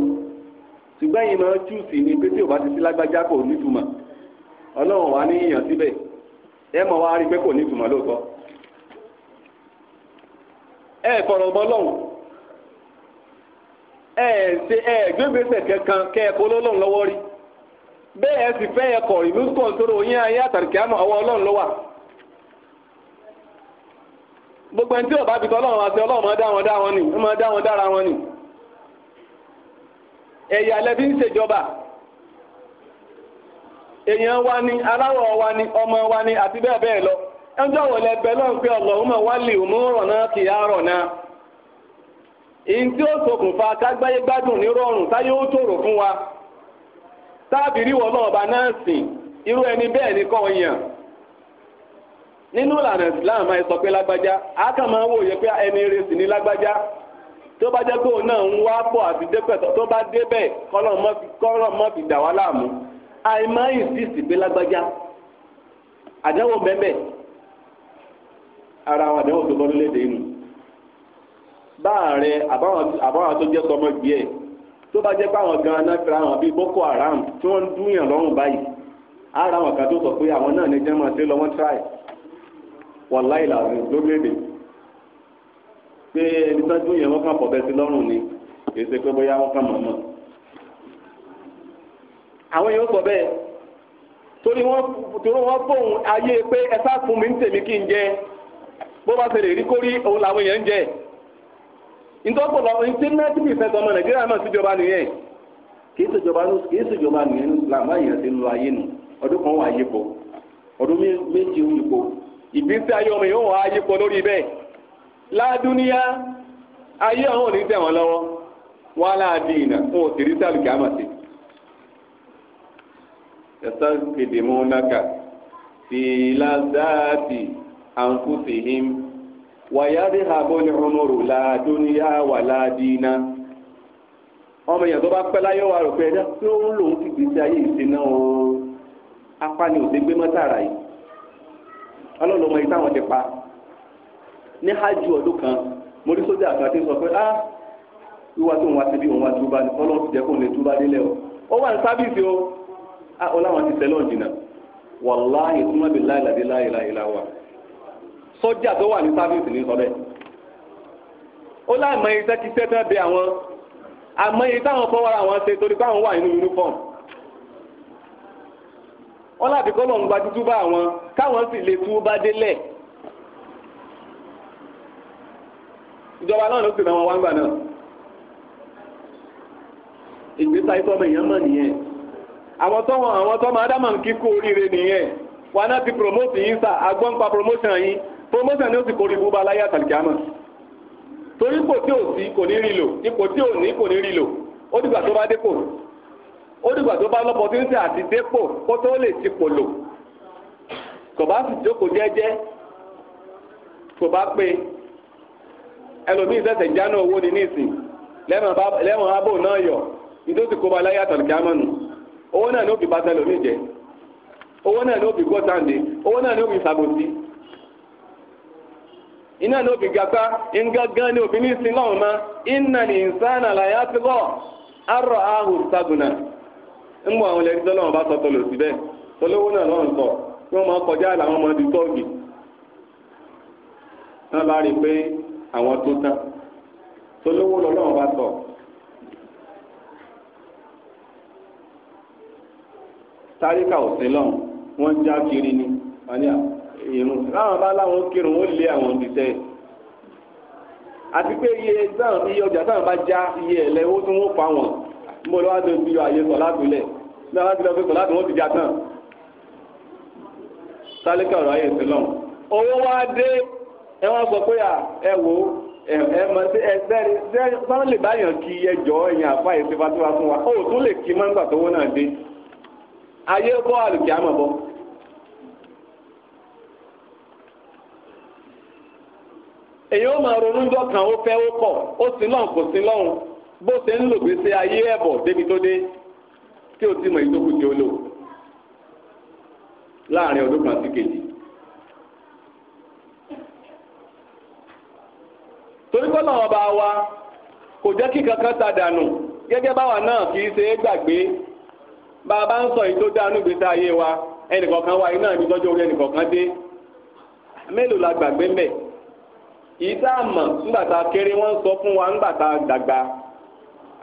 Speaker 1: ṣùgbọ́n yìí máa tú sí ni pé tí ò bá ti sí lágbájá kò nítumọ̀ ọlọ́run wà ní yíyàn síbẹ̀ ẹ mọ̀ wá rí pé kò nítumọ̀ lóòótọ́ ẹ fọ̀rọ̀ bọ́ lọ́hùn ẹ ẹ ṣe ẹ gbégbèsè kankan kẹ ẹ kó lọ́lọ́run lọ́wọ́ rí bẹ́ẹ̀ ẹ sì fẹ́ ẹ kọ̀ ìlú kọ̀ǹtòrò yín ayé àtàríkì àmọ́ ọwọ́ ọlọ́run ló gbogbo ẹni tí ọba àti dá wọn dá wọn nì máa dá wọn dára wọn nì. ẹ̀yà lẹ́bí ń ṣèjọba èèyàn wa aláwọ̀ wa ọmọ wa àti bẹ́ẹ̀ bẹ́ẹ̀ lọ Ẹnjọ́ wọlé ìyìn tí ó ṣokùnfà kágbáyé gbádùn ní rọrùn táyé ó tòrò fún wa tábìrí wọ lọ́ọ̀bá náà sìn irú ẹni bẹ́ẹ̀ ni kọ́ yàn nínú ìlànà Islam ẹ sọ pé lágbájá a kàn máa ń pé ẹni eré sì ní lágbájá tó bá jẹ́ pé òun wá pọ̀ àti tó bá débẹ̀ mọ́ fi dà wá ìsìsì pé lágbájá báàrẹ àbáwọn tó jẹ́ sọmọgbì ẹ̀ tó bá jẹ́ páwọn gan-an fẹ́ra wọn bíi Boko Haram tí wọ́n ń dúyàn lọ́rùn báyìí ara àwọn kan tó sọ pé àwọn náà ní jẹ́mọ̀ sí lọ́wọ́ tíráì wàláì làwọn lórílẹ̀-èdè pé ẹni tán dúyàn wọ́n kàn fọ̀bẹ sí lọ́rùn ni kì í ṣe pé bóyá wọ́n kàn mọ̀ọ́mọ̀. àwọn èèyàn sọ bẹ́ẹ̀ torí wọ́n torí wọ́n bóun ayé pé ẹ sá fún mi ń tèmi kí n jẹ bó bá ṣe lè rí kórí òun làwọn èèyàn ń jẹ ntọ́pọ̀ lọ́wọ́ ní tẹ́lẹ̀ tí kìí fẹ́ sọmọ nàìjíríà náà síjọba nìyẹn kìí sèjọba kìí sèjọba nìyẹn ní islam báyìí ti ń lo ayé nu ọdún kan wà yípo ọdún méje yípo ìgbésí ayé ọmọ yìí wọ́n á yípo lórí bẹ́ẹ̀ ládùúníyá ayé àwọn òní tẹ̀ wọ́n lọ́wọ́ wọn á láàdì ìnà wọn ò sì rí sáàlù kìá màsí. ẹ̀sán kìdìmú náà kà sí lásáàtì àǹkùsì hìm wàyádìhàbọ̀ ní ọmọrò làdúnyà wà ládìínà ọmọ èèyàn tó bá pẹ́ láyé wa rò pé tí ó ń ti gbèsè ayé ìsinmi o apá ni gbé mọ́tàrà yìí ọlọ́run ọmọ yìí táwọn ti pa ní hajj ọdún kan mo sójà tí sọ pé ah wíwá tó ń wá òun wá o ó wà ní sábìsì o ah, ti jìnnà wàláhì bí sọ́jà tó wà ní sáfíìsì ní sọ bẹ́ẹ̀ ó láàmọ iṣẹ́ kí iṣẹ́ tán bẹ àwọn àmọ́ iye táwọn wára àwọn ṣe torí báwọn wà nínú uniform wọ́n láti kọ́ lọ́n gba bá àwọn káwọn sì lè tú bá délẹ̀ ìjọba náà ló sì náà wọn wá ń gbà náà èèyàn mọ̀ nìyẹn àwọn tọ́mọ àwọn tọ́mọ kíkó ti promote yín agbọ́npa promotion yín promotion ni ó sì kórìí búba aláyé àtàlìkíámà torí kò tí ò sí kò ní rí lò ipò tí ò ní kò ní rí lò ó dìgbà tó bá dépò ó dìgbà tó bá lọ́pọ̀ tó ń sẹ́ àti dépò kó tó lè ti pò lò kò bá sì jókòó jẹ́jẹ́ kò bá pé ẹlòmíì sẹ̀sẹ̀ jáná owó ni nísìn lẹ́wọ̀n abò náà yọ ìdóòtì kó ba aláyé àtàlìkíámà nù owó náà ni ó fi bá sẹlòmíì jẹ owó náà ni ó fi gbọ́ sáǹdé owó náà ni ó fi sàbòsí. iná ní òbí gàpá ńgángan ní òbí ní sin lọ́wọ́ ma iná ní arọ ahù sagùnà ńgbọ àwọn ilẹ̀ ìdíjọ́ bá sọ tọ̀lọ̀ síbẹ̀ tọ́lówó náà lọ́wọ́ sọ tí wọ́n máa kọjá ọmọ di tọ́ọ̀gì náà bá rí i pé àwọn tó tán lọ́wọ́ kiri ni wọ́n irun láwọn bá láwọn kírun ó lé àwọn òbíṣẹ́ àti pé iye táwọn iye ọjà táwọn bá já iye ẹ̀lẹ́ ó tún wọ́n pa wọn mo lọ́wọ́ tó ti yọ àyè sọ̀ látòlẹ̀ náà láti lọ pé sọ̀ látòwọ́n ti já tán sálẹ́kẹ̀ ọ̀rọ̀ ayé ìsìn lọ́wọ́ owó wá dé ẹ wọ́n sọ pé ẹ wò ó ẹ mọ sí ẹsẹrin sọ́n lè báyàn kí ẹjọ́ ẹ̀yìn àfa ìṣèfàtúwà fún wa ó tún lè kí mọ́ńgbà tówó náà dé ayé bọ́ àlùkí àmọ̀ bọ́. èyí ó máa ronú dọ́kan ó fẹ́ ó kọ̀ ó sin lọ́hùn kò sin lọ́hùn bó ṣe ń lò gbèsè ayé ẹ̀bọ̀ débi tó dé tí ó ti mọ̀ ìdókù tí ó lò láàrin ọdún kan sí kejì. torí kọ́nà ọba wa kò jẹ́ kí kankan ta dànù gẹ́gẹ́ báwa náà kì í ṣe é gbàgbé bàbá ń sọ èyí tó dánú gbèsè ayé wa ẹnìkọ̀ọ̀kan wa iná ìbí tọ́jú orí ẹnìkọ̀ọ̀kan dé mélòó la gbàgbé mẹ́ẹ̀ èyí tá a mọ̀ nígbà tá a kéré wọ́n sọ fún wa nígbà a dàgbà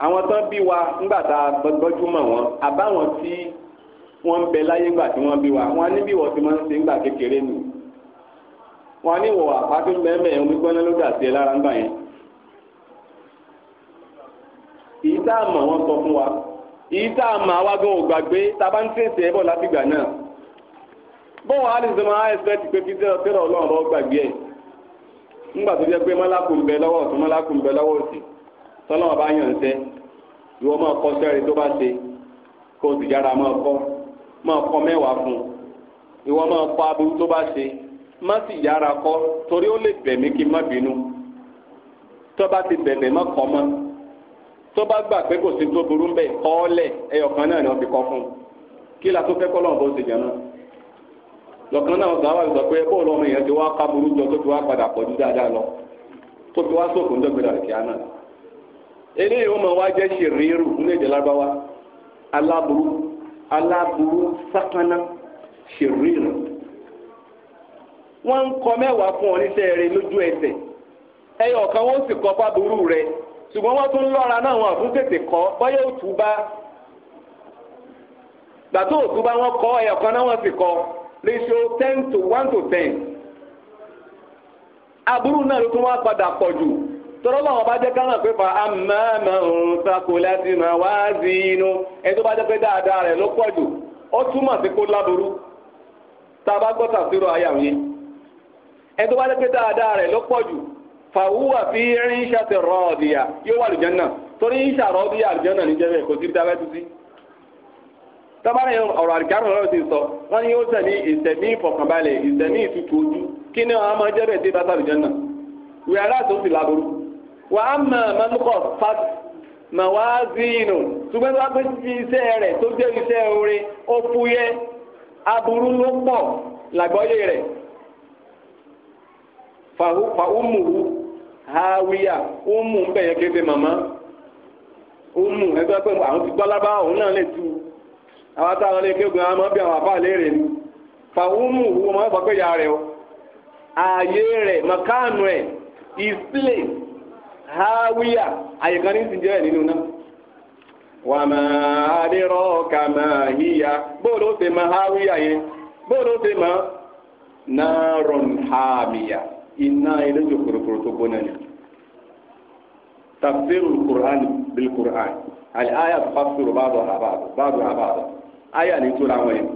Speaker 1: àwọn tán bí wa nígbà tá a gbọ́jú mọ̀ wọn àbáwọn tí wọ́n ń bẹ láyé nígbà tí wọ́n bí wa wọn níbi ìwọ ti máa ń ṣe nígbà kékeré nù wọn ní ìwọ àpáké mẹ́mẹ́ omi gbọ́ná ló dà ẹ lára nígbà yẹn èyí tá a mọ̀ wọ́n sọ fún wa èyí tá a mọ̀ àwa gan ò gbàgbé tá a bá ń tẹ̀sẹ̀ ẹ bọ̀ látìgbà náà bọ́wọ́ alìsọ́mọ́ á ti pé kí tẹ́lọ̀ tẹ́lọ̀ ńgbà tó yẹ pé mọ́lákù ń bẹ lọ́wọ́ ọ̀tún mọ́lákù ń bẹ lọ́wọ́ òsì tọ́lọ́wọ́ bá yàn ṣẹ́ ìwọ máa kọ sẹ́rin tó bá ṣe kó o sì yára máa kọ́ máa kọ́ mẹ́wàá fún un ìwọ máa kọ́ aburú tó bá ṣe má sì yára kọ́ torí ó lè bẹ̀ mí kí n má bínú tó bá ti bẹ̀bẹ̀ má kọ́ mọ́ tó bá gbà pé kò sí tó burú ń kọ́ ọ́ lẹ̀ ẹyọkan náà ni wọ́n fi kọ́ fún un kí la tó fẹ́ kọ́ lọ́wọ́ bó ṣe jẹun náà lọ́kàn náà ọ̀sán wà lọ́sọ̀ pé bóòlù ọmọ èèyàn ti wá ká burú jọ tó ti wá padà pọ̀ dáadáa lọ tó wá sókun dọ́gbẹ̀dà kíá náà eléyìí ó mọ wá jẹ́ ṣèrèrú ní èdè lágbáwá aláburú aláburú sákánná ṣèrèrú wọ́n ń kọ mẹ́wàá fún ọ lójú ẹsẹ̀ wọn sì kọ́ rẹ ṣùgbọ́n wọ́n tún lọ́ra náà wọn àfún ratio ten to one to ten aburú náà ló tún wá padà pọ̀ jù tọ́lọ́ bá wọn bá jẹ́ ká náà pé fa amáàmà òun sako láti máa wá sí inú ẹni tó bá jẹ́ pé dáadáa rẹ̀ ló pọ̀ jù ó túmọ̀ sí kó láburú tá a bá gbọ́ tàbírò ayà yìí ẹni tó bá jẹ́ pé dáadáa rẹ̀ ló pọ̀ jù fàwùwà fi ríṣà ti rọ̀ ọ̀dìyà yóò wà lùjẹ́ náà torí ríṣà rọ̀ ọ̀dìyà lùjẹ́ náà níjẹ́ bẹ́ẹ̀ kò sí dábẹ́ tuntun tọ́bárẹ̀ ọ̀rọ̀ àdìgárò lọ́rọ̀ ti sọ wọ́n ní yóò tẹ̀lé ìsẹ̀mí ìfọ̀kànbalẹ̀ ìsẹ̀mí ìtutù ojú kí ni wọ́n máa jẹ́ bẹ́ẹ̀ tí bá sábì jẹ́nà wíwá aláàtò sì láboró wà á mọ̀ mọ́nùkọ̀ fat mà wá sí inú ṣùgbọ́n wá pé ti iṣẹ́ rẹ̀ tó jẹ́ iṣẹ́ orin ó fúyẹ́ aburú ló pọ̀ làgbọ́yé rẹ̀ fàwùmùhù hawiya ó mú bẹ́ẹ̀ kéde màmá ó mú ẹgbẹ́ pé àwọn ti gbọ́ tu àwọn táwọn lè àwọn ọmọ àwọn àbá léèrè ni máa ya rẹ o ààyè rẹ màkánù ẹ ìsílẹ háwíyà àyè ní na ẹ nínú náà wà máa dérọ kà máa yíya bóòlù ó ṣe máa háwíyà yẹn bóòlù ó ṣe máa náà hàmìyà iná eléjò kòròkòrò tó gbóná ni ayé àlè tó ra wọn yẹn.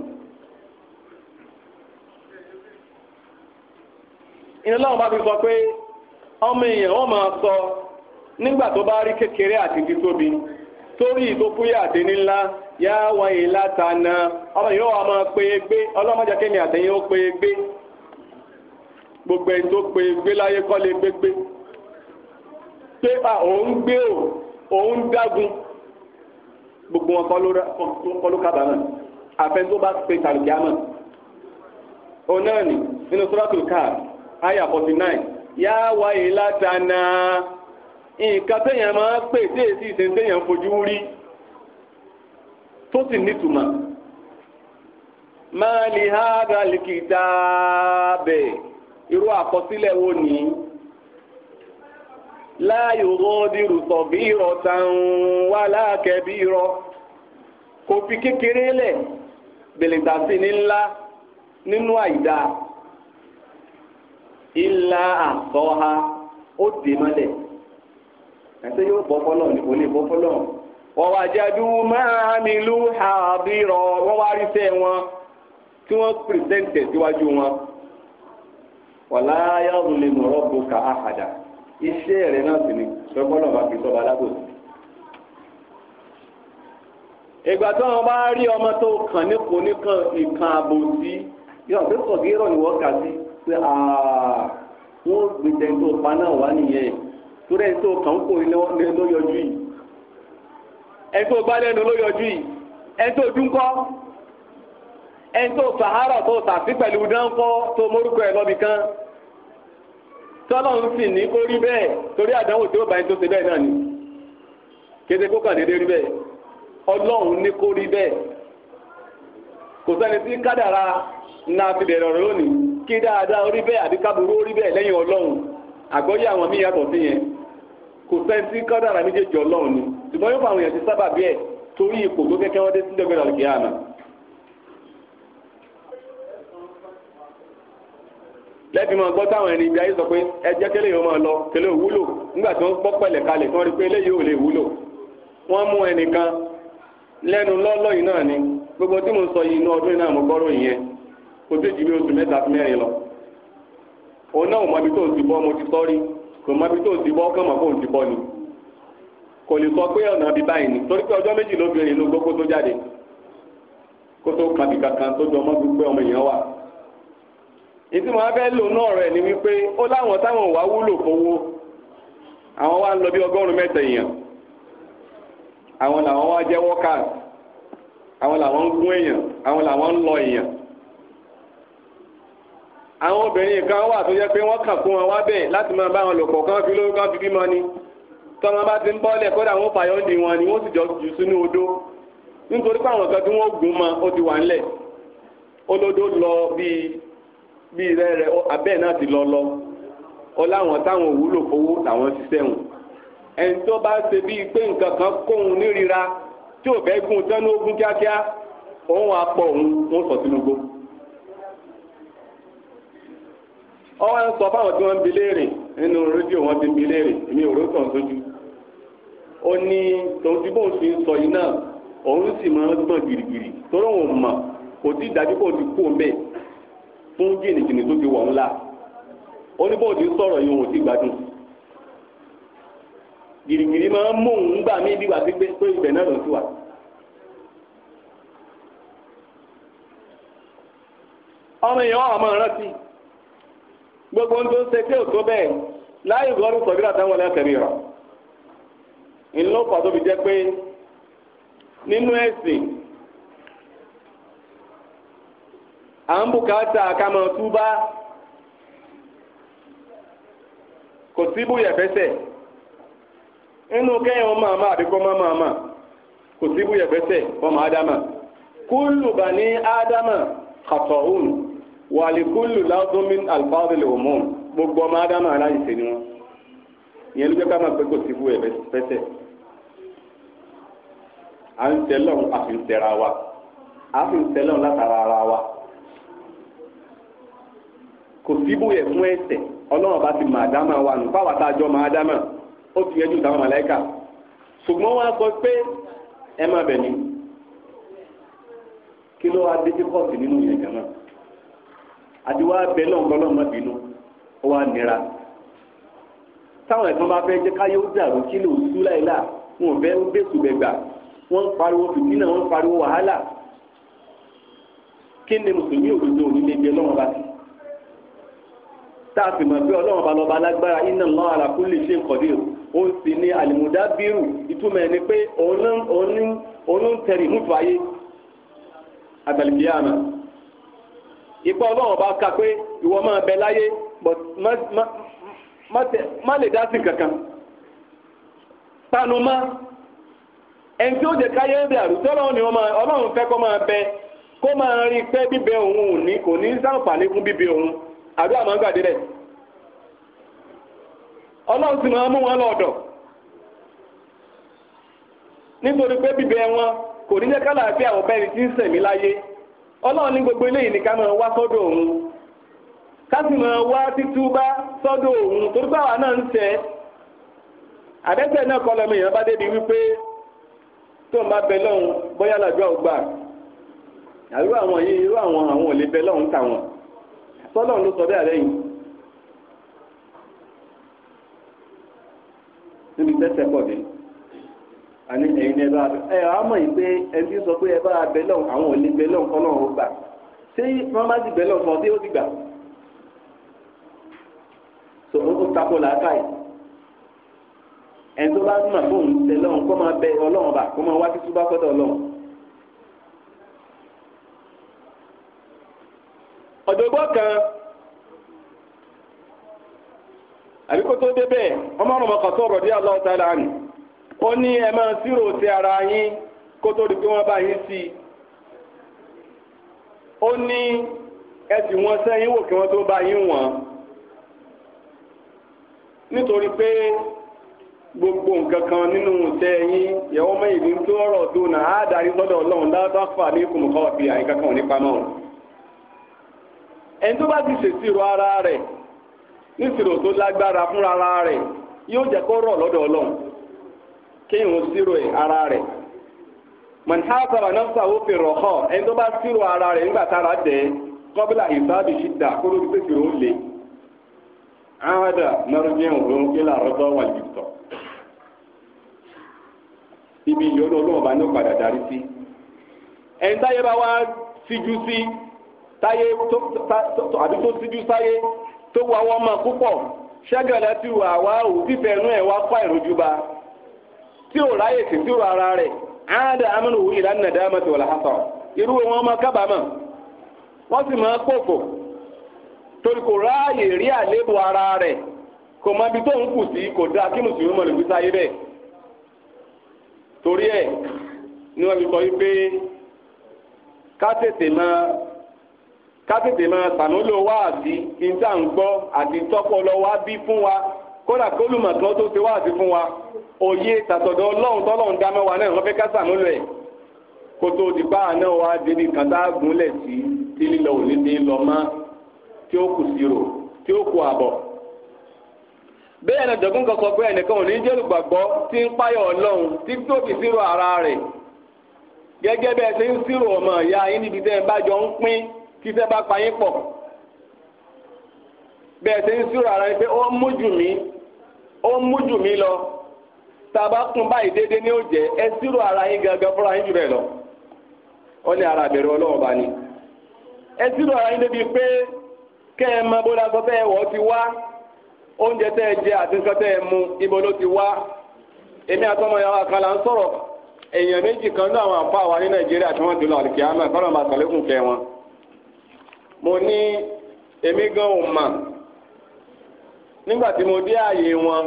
Speaker 1: ìní láwọn bá fi sọ pé ọmọ èèyàn wọn máa sọ nígbà tó bá rí kékeré àti títóbi torí ìtókúyà àti nílá yá wọn látànà ọmọ yìí wọn máa pé egbé ọlọ́mọdé kémi àtẹ̀yìn ó pé egbé gbogbo ẹni tó pé egbé láyé kọ́ lé gbégbé pé gbe gbé o dágun. gbogbo wọn kọ́ ló kábàámọ̀ àfẹn tó bá pe tàlùkìámọ̀ onáàni nínú sọ́dọ̀tù káà àyà forty nine yá wáyé látànà nǹkan téèyàn máa ń pè tí èsì ìsìn téèyàn fojú rí tó sì nítumọ̀ máa lè há gàlìkì dáa bẹ́ẹ̀ irú àkọsílẹ̀ wo nìyí. la yughadiru saghiratan wala kabira kò fi kékeré lẹ̀ bèlèdàsí ńlá nínú àìdá ó mọ́lẹ̀ ẹ̀sẹ̀ yóò bọ́ ní kò lè bọ́ fọ́lọ́ wọ́n wá jáde máa mi lù hàbírọ̀ wọ́n wá rí sẹ́ wọn tí wọ́n pèsèǹtẹ̀ síwájú wọn wala yazlimu rabbuka iṣẹ́ rẹ̀ náà sì ni sọ́gbọ́nà bá fi sọ́ba alábòsí. ìgbà tí wọn bá rí ọmọ tó kàn nípò nìkan ìkan àbòsí yóò fi kọ̀ọ̀kì rọ̀ ní wọ́ọ̀kà sí pé wọ́n gbèsè tó pa náà wá nìyẹn torí ẹni tó kàn ń kó ilé ló yọjú yìí ẹni tó gbá lẹ́nu ló yọjú yìí ẹni tó dúnkọ́ ẹni tó sàárọ̀ tó tàbí pẹ̀lú dáńkọ́ tó mórúkọ ẹ̀ lọ́bì kan. tọ́lọ́run sì ní kó rí bẹ́ẹ̀ torí àdánwò tí ó bá yín tó ṣe bẹ́ẹ̀ náà ni kété kó kàn déédéé rí bẹ́ẹ̀ ọlọ́run ní kó rí bẹ́ẹ̀ kò sẹ́ni tí kádàrá náà fi bẹ̀rẹ̀ ọ̀rọ̀ lónìí kí dáadáa orí bẹ́ẹ̀ àbí kábùrú bẹ́ẹ̀ lẹ́yìn ọlọ́run àgbọ́yé àwọn míì yàtọ̀ sí yẹn kò sẹ́ni tí ni ṣùgbọ́n yóò fà ti sábà torí ipò tó kẹ́kẹ́ wọ́n dé sí lẹ́bi máa gbọ́ táwọn ẹni ibi ayé sọ pé ẹ jẹ́ kí eléyìí máa lọ kí eléyìí ó wúlò nígbà tí wọ́n gbọ́ pẹ̀lẹ̀ kalẹ̀ tí wọ́n rí pé eléyìí ò lè wúlò wọ́n mú ẹnìkan lẹ́nu lọ́lọ́ yìí náà ni gbogbo tí mo sọ yìí inú ọdún náà mo gbọ́rọ̀ yìí kò tó jìbí oṣù mẹ́ta sí mẹ́rin lọ. òun náà mọbi tó ti bọ́ mo ti sọ rí kò mọbi tó ti bọ́ kọ́mọ kó ti bọ́ ni kò ìtí wọn fẹ́ lò náà rẹ̀ ni wípé ó láwọn táwọn wà wúlò fowó àwọn wá ń lọ bí ọgọ́rùn-ún mẹ́ta èèyàn àwọn làwọn wá jẹ́ workers àwọn làwọn ń gún èèyàn àwọn làwọn ń lọ èèyàn àwọn obìnrin kan wà tó yẹ pé wọ́n kàn fún wọn wá bẹ́ẹ̀ láti máa bá wọn lò pọ̀ kán fi lórí kán fi bímọ ni tọ́mọ bá ti ń bọ́lẹ̀ kódà wọ́n fàyọ́ di wọn ni wọ́n sì jọ jù sínú odó nítorí pé àwọn kan tí wọ́n gún mọ́ ó ti wà ńlẹ̀ olódó lọ bíi bí ìrẹ́ rẹ̀ abẹ́ náà ti lọ lọ ọ láwọn táwọn òwúlò fowó làwọn ti sẹ́wọ̀n ẹni tó bá ṣe bíi pé nǹkan kan kóhun nírira tí ò fẹ́ gún tánú ogún kíákíá òun àpọ̀ òun tó sọ sínú gbó. ọwọ́ ń sọ fáwọn tí wọ́n ń bi léèrè nínú rédíò wọn ti ń bi léèrè èmi ò rò sàn sójú ó ní tòun tí bóun sì ń sọ yìí náà òun sì máa ń gbọ̀n gìrìgìrì tó lóun mọ̀ kò tí ì dájú o ti kú òun bẹ́ẹ̀. fún jìnnìjìnnì tó ti wọ̀ ńlá oníbòòdì sọ̀rọ̀ yìí òun ti gbádùn gìrìgìrì máa ń mú òun gbà mí bí pé pé ibẹ̀ náà lọ sí ọmọ èèyàn àmọ́ rántí gbogbo ń tó ṣe pé òtó bẹ́ẹ̀ láyé ìgbọ́rù táwọn rọ̀ ńlọ́pàá tó fi jẹ́ pé nínú ẹ̀sìn. à ń bùkátà ká máa túbá kò sí búyẹ̀ fẹsẹ̀ nínú kẹ́yìn ọmọ àmà àbíkọ́ mọ́mọ́ àmà kò sí búyẹ̀ fẹsẹ̀ ọmọ ádámà kúlù bani ádámà kàtọ́hùn wàlíkúlù láwùdómin alfáàbìlì òmùn gbogbo ọmọ ádámà aláìsè ni wọn ìyẹn ló jẹ́ ká máa pé kò sí búyẹ̀ fẹsẹ̀ à ń tẹ́lọ̀ àfi ń tẹ́ra wa àfi ń tẹ́lọ̀ látara ara wa kò síbòyẹ fún ẹ̀ṣẹ̀ Ọlọ́run bá ti mọ àdámà wa nù fáwọn àtàjọ mọ àdámà ó ti yẹjú ìtàwọn màláìkà ṣùgbọ́n wọn sọ pé ẹ má bẹ̀ ni kí ló wá dé tí kọ́ọ̀tù nínú yẹn gan náà àti wá náà kọ́ lọ́mọ bínú ó wá nira táwọn ẹ̀sán bá fẹ́ jẹ́ káyé ó dàrú kí ló sú láìláà wọn ò fẹ́ ń bẹ̀sù bẹ̀gbà wọ́n ń pariwo fìtínà wọ́n ń pariwo wàhálà kí ni mùsùlùmí òdodo òní lè bẹ lọ́wọ́ bá ti táàfin mọ̀ pé ọlọ́run balọ̀ba lágbára inna Allah ala kulli shay'in qadir ó sì ní al-mudabbiru ìtumọ̀ ẹni pé òun ń tẹ̀rì mú ka pé ìwọ máa bẹ láyé ma má lè kankan tanu má ẹni tí ó jẹ káyé ń bẹ àrùtọ́ ọlọ́run ni ọlọ́run fẹ́ kó máa bẹ kó máa rí pé bíbẹ òun àdúrà máa ń gbàdé rẹ̀ ọlọ́run sì máa mú wọn lọ́dọ̀ nítorí pé bíbẹ wọn kò ní jẹ́ kálàáfíà ọ̀bẹ tí ń sẹ̀mí láyé ọlọ́run gbogbo eléyìí ní máa wá sọ́dọ̀ òun ká sì máa wá sọ́dọ̀ òun torí pé náà ń àdẹ́sẹ̀ náà kọ́ lọ́mọ èèyàn bá débi wípé tó àwọn yìí irú àwọn àwọn ò lè sọ́lọ́ ló sọ bẹ́ẹ̀ lẹ́yìn. níbi tẹ́sẹ̀ pọ̀ dé àní ẹ̀yin ẹ bá ẹ ẹ àmọ́ yìí pé ẹni tí sọ pé ẹ bá bẹ lọ́hùn àwọn ò lè bẹ lọ́hùn kọ́ lọ́hùn ó gbà ṣé wọ́n bá ti bẹ lọ́hùn fún ọ tí ó ti gbà tó ó takò làákàyè ẹni tó bá mọ̀ fóun tẹ kọ́ máa bẹ ọlọ́hùn bá kọ́ máa wá títú bá kọ́tọ̀ ọlọ́hùn. ọ̀dọ́gbọ́ kan àbíkó tó débẹ̀ ọmọ ọmọ kan sọ̀rọ̀ díẹ̀ Allah ta'ala ni ó ní ẹ máa sírò sí ara yín kó tó di pé wọ́n bá yín sí i ó ní ẹ sì wọ́n sẹ́yìn wò kí wọ́n tó bá yín wọ̀n nítorí pé gbogbo nǹkan kan nínú iṣẹ́ yín ìyàwó mẹ́yìn ní tó ọ̀rọ̀ dùn á darí dáadáa fà ní àyíká kan ẹni tó bá ti ṣèṣirò ara rẹ̀ níṣirò tó lágbára fúnra ara rẹ̀ yóò jẹ́ kó rọ̀ lọ́dọ̀ ọlọ́run kéèyàn ṣírò ara rẹ̀ man hasaba nafsahu fi rọ̀kọ̀ ẹni tó bá ṣírò ara rẹ̀ nígbà tára dẹ̀ kọ́bílà ìsáàbì ṣídà kó ló ti ṣèrò ń le ahada marji'uhum òun kí làrọ́tọ́ wà jùtọ̀ ibi ìyọ́nù olóòbá ní ó darí sí ẹni bá wá síjú sí. táyé tó àbí tó síjú sáyé tó wà wọ́n mọ̀ púpọ̀ ṣẹ́gàlá ti wà wá òtítẹ̀ ẹnu ẹ̀ wá fà ìrojú ba tí ò ráyè sí tí ò ara rẹ̀ áádà amínú òwú ìlànà dáàmà tí wọ́n là irú wọn máa kábàámọ̀ wọ́n sì máa pòfò torí kò ráàyè rí àléébù ara rẹ̀ kò mọ ibi tó ń kù sí kò dáa kí mùsùlùmí mọ̀ lóbi sáyé bẹ́ẹ̀ torí ẹ̀ ni wọ́n fi sọ kátètè máa sanulo wá ń gbọ́ àti tọ́pọ̀ lọ wá wa kódà kólùmọ̀ tó tó ti wá àti wa òye tàtọ̀dọ̀ ọlọ́run tọ́lọ́run dá mẹ́wàá náà wọ́n fẹ́ ká sàmúlò ẹ̀ kó tó di bá wa débi kan tá a gúnlẹ̀ sí tí lílọ ti lọ mọ́ tí ó kù sírò tí ó kù àbọ̀ bẹ́ẹ̀ náà jọ̀gún kankan pé ẹnìkan ò ní jẹ́ olùgbàgbọ́ tí ń páyọ̀ ọlọ́run tí tó fi sírò ara rẹ̀ gẹ́gẹ́ bẹ́ẹ̀ ṣe ń sírò ọmọ ìyá yín níbi kí sẹ́ bá pa yín pọ̀ bẹ́ẹ̀ ṣe ń sírò ara yín pé ó ń mú jù mí ó ń mú jù mí lọ tá kún báyìí déédéé ní òjẹ́ ẹ sírò ara yín gangan fúnra yín jù bẹ́ẹ̀ lọ ara àbẹ̀rẹ̀ bá ní ara yín débi pé kẹ́ ẹ mọ ti wá oúnjẹ tẹ́ ẹ jẹ àti nǹkan tẹ́ ẹ ti wá èmi àtọmọ yàrá kan là ń sọ̀rọ̀ èèyàn méjì kan ní àwọn àǹfààní wa ní nàìjíríà tí ti lọ mo ní èmi gan ò mà nígbà mo dé ààyè wọn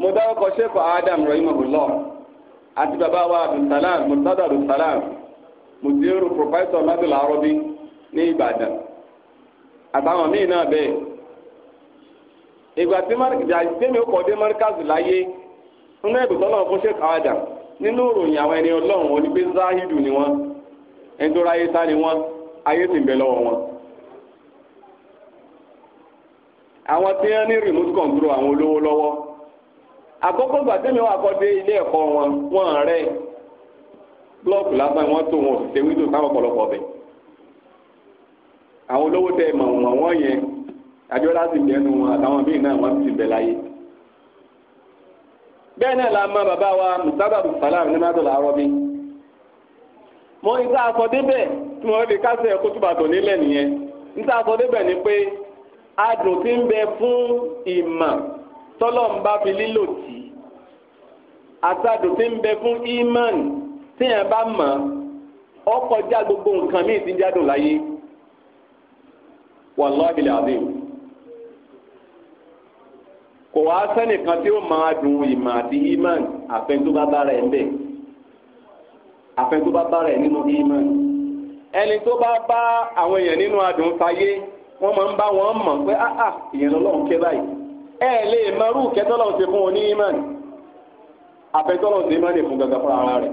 Speaker 1: mo dárúkọ sẹ́kọ̀ọ́ Adam rahimahullah àti bàbá wa abdulsalam murtada abdulsalam mudiru professor madul arabi ní Ìbàdàn àtàwọn míì náà bẹ́ẹ̀ ìgbà tí jàdémi ọkọ̀ dé mọ́ríkàzù láyé nínú ẹ̀bùn tọ́lọ́ fún Sheikh Adam nínú ìròyìn àwọn ẹni ọlọ́run onígbé záhídù ni wọ́n sá ni ayé sì ń bẹ lọ́wọ́ wọn. àwọn tí wọ́n ní remote control àwọn olówó lọ́wọ́ àkọ́kọ́ gbà tẹ́mi wà kọ́ dé ilé ẹ̀kọ́ wọn wọ́n rẹ̀ blọọkù lásán wọ́n tó wọn òṣìṣẹ́ wíńdò sáwọn ọ̀pọ̀lọpọ̀ ọ̀bẹ. àwọn olówó tẹ mọ̀ wọ́n wọ́n yẹn àjọlá sì bẹ́nu wọn àtàwọn míì náà wọ́n sì bẹ láyé. bẹ́ẹ̀ náà la mọ bàbá wa mùsábàbù sàlámù ní mádùlá arọ́bí wọ́n ní tá a sọ débẹ̀ tí wọ́n lè kásẹ̀ kó túbà tó nílẹ̀ nìyẹn ní tá a sọ débẹ̀ ni pé adùn ti ń bẹ fún ìmọ̀ tọ́lọ̀ ń bá fi lílò tì í àtàdùn ti ń bẹ fún ìmọ̀n tíyẹn bá mọ̀ ọ́ kọjá gbogbo nǹkan míì ti ń jádùn láyé wàláhì làbíyù kò wá sẹ́nìkan tí ó máa dùn ìmọ̀ àti ìmọ̀n àfẹnudúbábára ẹ̀ bẹ́ẹ̀ àfẹn tó bá bá rẹ̀ nínú ìmọ̀ ẹni tó bá bá àwọn èèyàn nínú adùn fàyè wọ́n máa ń bá wọn mọ̀ pé áà ah, ah, ìyẹn lọ́lọ́run kẹ́ báyìí ẹ lè mọrú kẹtọ́lọ́run ti fún wọn ní ìmọ̀ àfẹn tọ́lọ́run ti mọ̀ ní fún gàgà fún ara rẹ̀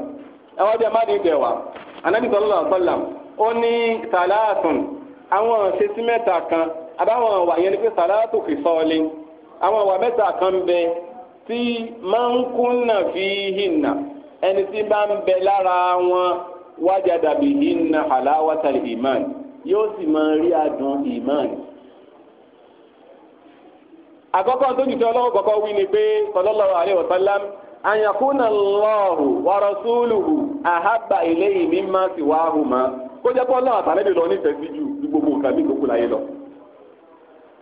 Speaker 1: ẹ wọ́n jẹ́ mádìí tẹ̀wá anábì sọlọ́lá sọlá ó ní sàlásùn àwọn ṣetí mẹ́ta kan àbáwọn àwà yẹn ni pé sàlátù fi sọ́ọ́lé àwọn àwà mẹ́ta kan bẹ tí máa ń kúnnà fi hìnnà ẹni tí bá ń bẹ lára wọn hinna iman yóò sì máa rí adùn iman. àkọ́kọ́ tó jùlọ ọlọ́wọ́ kọ́kọ́ wí ni pé sallallahu alaihi wasallam an yakuna Allahu wa rasuluhu ahabba ilayhi mimma siwahuma kó jẹ́ pọ́ lọ́wọ́ àtàlẹ́bí lọ nífẹ̀ẹ́ sí ju gbogbo nǹkan mi kókó láyé lọ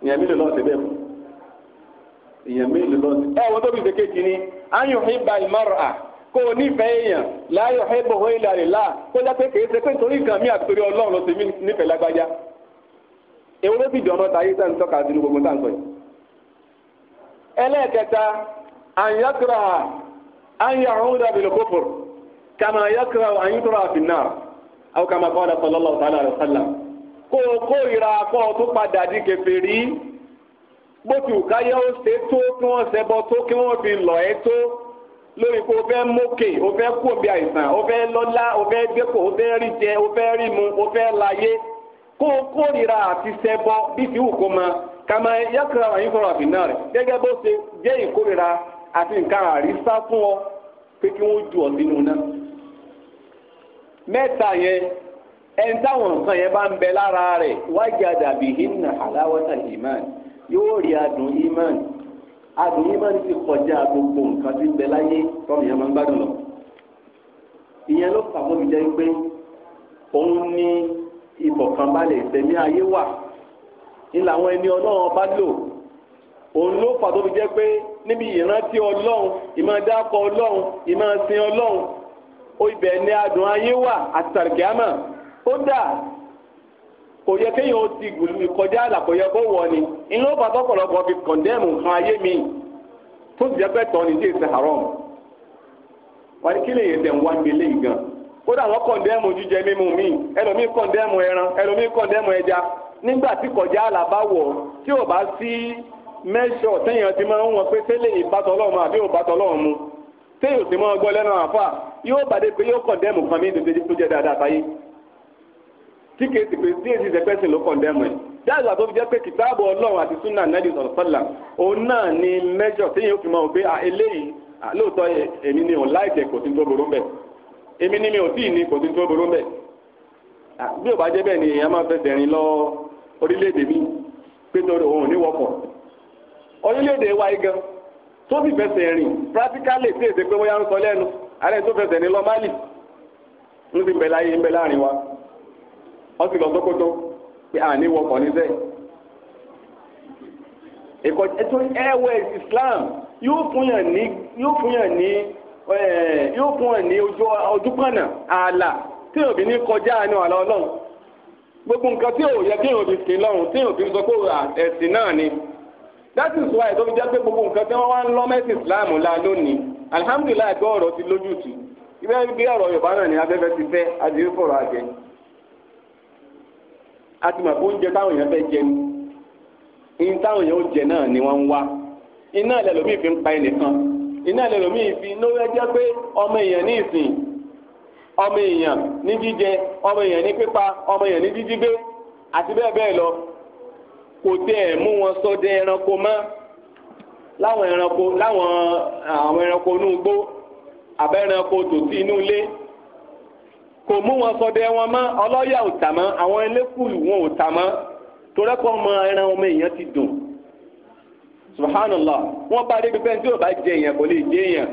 Speaker 1: ìyẹn mi lè lọ́ọ́ síbẹ̀ ìyẹn mi lè síbẹ̀ wọ́n tóbi ìdèkejì ni kó o nífẹ̀ẹ́ èèyàn láyò ẹ̀bùn ìlà ìlà kó jẹ́ pé kìí pé nítorí nǹkan mi àti torí ọlọ́run ló ti mí nífẹ̀ẹ́ lágbájá èwo ló sì dùn ọ̀nà tàyé sáà ń tọ́ka sínú gbogbo sáà ń sọ yìí. ẹlẹ́ẹ̀kẹta kófòrò kàmá àfìnà àwọn kàmá kó o lórí pé o fẹ́ mókè o fẹ́ kú òbí àìsàn o fẹ́ lọ́lá o fẹ́ gbẹ́kọ̀ o fẹ́ rí jẹ o fẹ́ rí mu o fẹ́ láyé kó o kórìíra àti sẹ́bọ bí ti wù kó ma kàmá yàtúrà wà yín fọ̀rọ̀ àbí náà rẹ̀ gẹ́gẹ́ bó ṣe jẹ́ ìkórìíra àti nǹkan àrísá fún ọ pé kí wọ́n ju ọ̀sìnù náà mẹ́ta yẹn ẹni táwọn nǹkan yẹn bá ń bẹ lára rẹ̀ wájà dàbí hinna aláwọ̀tà ìmáàn yóò rí adùn ìmáàn adùn yìí máa ń ti kọjá gbogbo nǹkan tí ń bẹ láyé tọ́mì yẹn máa ń gbádùn lọ. ìyẹn ló fà mọ́ mi jẹ́ pé òun ní ìfọ̀kànbalẹ̀ ìfẹ̀mí ayé wà ní làwọn ẹni ọlọ́run bá lò òun ló fà tó fi jẹ́ pé níbi ìrántí ọlọ́run ìmọ̀ ọlọ́run ìmọ̀ ọlọ́run ó ibẹ̀ ni adùn ayé wà àti tàrìkì àmà ó dà kò yẹ kéèyàn ó ti gùlù kọjá àlà kò yẹ kó wọ ni inú ọba tọpọlọpọ fi kọndẹ́mù nǹkan ayé mi tó ti jẹ́ pẹ́ tọ́ ni tí haram wà ní kí lè yẹ tẹ̀ ń wá mi léyìí gan kódà wọ́n kọndẹ́mù jíjẹ mímu mi ẹlòmíì kọndẹ́mù ẹran ẹlòmíì kọndẹ́mù ẹja nígbà tí àlà bá wọ̀ tí ò bá sí téèyàn tí kìí ti pè sí èsì ìsẹ̀pẹ́sìn ló kọ̀ndẹ́mù ẹ̀ dáàbò àti òfin jẹ́ pé kìtáàbù ọlọ́run àti súnà nàdì sọ̀rọ̀ sọ́là òun náà ni mẹ́jọ tí yóò fi mọ̀ pé eléyìí lóòótọ́ èmi ni ò láìpẹ́ kò sí tó burú bẹ́ẹ̀ èmi ni mi ò tíì ní kò sí tó burú bẹ́ẹ̀ bí ò bá jẹ́ bẹ́ẹ̀ ni èèyàn máa fẹsẹ̀ rìn lọ orílẹ̀-èdè mi pé torí òun ò ní wọkọ̀ orílẹ̀-èdè wa yìí gan tó sì fẹsẹ̀ rìn practically tí èsè pé wọ́n yá ń wọ́n sì lọ sókótó pé à ní wọkọ̀ níbẹ̀. ẹ̀kọ́ ẹ̀tọ́ airways Islam yóò fún yàn ní yóò fún yàn ní yóò fún yàn ní ojú ojúkànnà ààlà tí yóò bí ní kọjá àánú àlọ́ ọlọ́run gbogbo nǹkan tí yóò yẹ kí yóò fi sìn lọ́run tí yóò fi sọ pé ẹ̀sìn náà ni that is why tó fi jẹ́ pé gbogbo nǹkan tí wọ́n wá ń lọ mẹ́sì Islam la lónìí alihamudulilayi gbọ́ ọ̀rọ̀ ti lójútùú ibẹ̀ bí ọ̀rọ̀ Yorùbá náà ni afẹ́fẹ́ ti fẹ́ adìyẹ fọ̀rọ̀ àjẹ́ a ti mọ̀ pé oúnjẹ táwọn èèyàn fẹ́ jẹ ni ní táwọn èèyàn ó jẹ náà ni wọ́n ń wá iná ilẹ̀ lómi fi ń pa ẹnìkan iná ilẹ̀ lómi fi ló fẹ́ jẹ́ pé ọmọ èèyàn ní ìsìn ọmọ èèyàn ní jíjẹ ọmọ èèyàn ní pípa ọmọ èèyàn ní jíjígbé àti bẹ́ẹ̀ bẹ́ẹ̀ lọ kò tẹ ẹ̀ mú wọn sọdẹ ẹranko mọ́ láwọn ẹranko láwọn àwọn ẹranko inú igbó àbẹ́ranko tòsí inú ilé kò mú wọn sọdọ wọn mọ ọlọ́yà ò tà àwọn elékùlù wọn ò ọmọ ẹran ọmọ èèyàn ti dùn subhanallah wọn bá débi pé tí o bá jẹ èèyàn kò lè jẹ èèyàn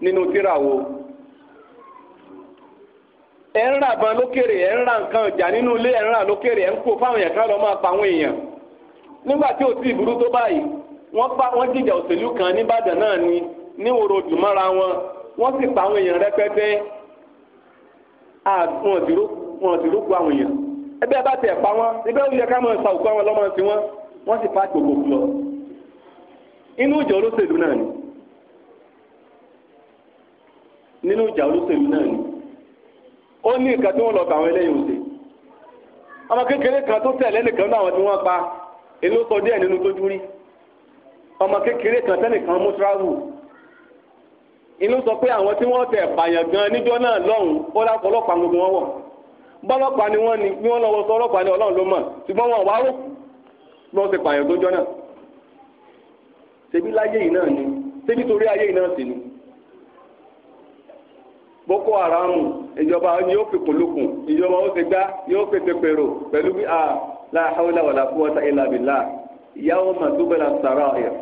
Speaker 1: nínú tíra wo ẹ ń rà ban lókèrè ẹ nínú ilé ẹ ń lókèrè ẹ fáwọn èèyàn pa àwọn èèyàn nígbà tí Ah, wọn ti rókù àwọn èèyàn ẹgbẹ́ bá tẹ̀ pa wọn ẹgbẹ́ ó yẹ ká máa sa àwọn lọ́mọ ti wọn wọ́n sì pàṣẹ gbogbo lọ inú ìjà olóṣèlú náà ni nínú ìjà olóṣèlú náà ni ó ní nǹkan tí wọ́n lọ bàwọn ẹlẹ́yìn òsè ọmọ kékeré kan tó tẹ̀lé nìkan náà tí wọ́n pa èló sọ díẹ̀ nínú tójú rí ọmọ kékeré inú sọ pé àwọn tí wọ́n tẹ̀ pààyàn gan níjọ́ náà lọ́hùn ó lápò ọlọ́pàá gbogbo wọn wọ̀ bọ́lọ́pàá ni wọ́n ni bí wọ́n lọ́wọ́ sọ ọlọ́pàá ni ọlọ́run ló mọ̀ ṣùgbọ́n wọn wá rò bí wọ́n ti pààyàn tó jọ náà ṣebí láyé yìí náà ni ṣebí torí ayé yìí náà sì ni Boko Haram ìjọba ni yóò fi kòlókùn ìjọba ó ti gbá yóò fètè pèrò pẹ̀lú bí a ah, la hawla wala quwwata illa billah yawma tubla sarair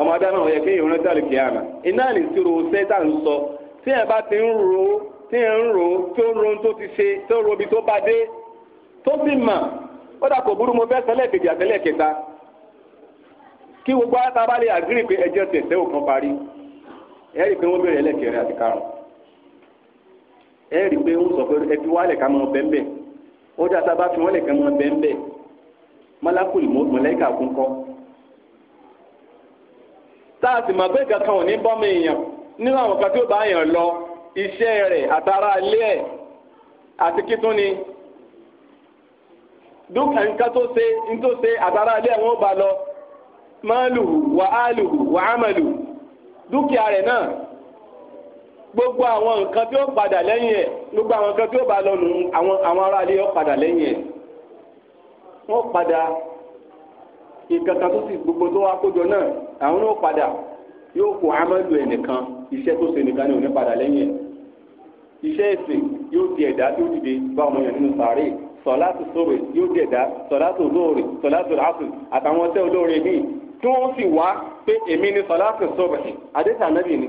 Speaker 1: ọmọ adá náà yẹ kí èèyàn rántí àlùkè àmà iná lè ti ro sẹ́tà ń sọ tí ẹ bá ti ń ro tí ẹ ń ro tó ń ro tó ti ṣe tó ń ro ibi tó bá dé tó sì mà ó dà kò burú mo fẹ́ sẹ́lẹ̀ kejì àtẹ́lẹ̀ kẹta kí gbogbo ata bá lè àgírí pé ẹjọ́ tẹ̀sẹ̀ ò kan parí ẹ rí i pé wọ́n bẹ̀rẹ̀ ẹlẹ́kẹ̀rẹ́ àti karùn-ún ẹ rí i pé wọ́n sọ pé ẹ fi wálẹ̀ ká máa bẹ́ẹ̀ ó dà tá a bá fi wọ́n lẹ̀ ká máa bẹ́ẹ̀ bẹ́ẹ̀ mọ́lẹ́kà kún táàsì mọ̀ pé kankan wọn ní bọ́mọ èèyàn nínú àwọn kan tí ó bá lọ iṣẹ́ rẹ̀ àtàrà ilé ẹ̀ àti kítún ni dúkà nǹkan tó ṣe ń ṣe àtàrà ilé ẹ̀ wọ́n bá lọ máàlù wàhálù wàhámàlù dúkìá rẹ̀ náà gbogbo àwọn nǹkan tí ó padà lẹ́yìn ẹ̀ gbogbo àwọn lọ nù àwọn ó padà lẹ́yìn ẹ̀ wọ́n nǹkan kan tó sì gbogbo tó wá kójọ náà àwọn náà padà yóò kó amadu ẹnìkan iṣẹ́ tó ṣe nìkan ní òní padà lẹ́yìn ẹ̀ iṣẹ́ ẹ̀sìn yóò di ẹ̀dá tó dìde bá ọmọ yẹn nínú sàárè sọ̀láàtù sóòrè yóò di ẹ̀dá sọ̀láàtù lóòrè sọ̀láàtù làásù àtàwọn ọtẹ́ olóore míì tí wọ́n sì wá pé èmi ni sọ̀láàtù sóòrè àdéhùn ànábì ni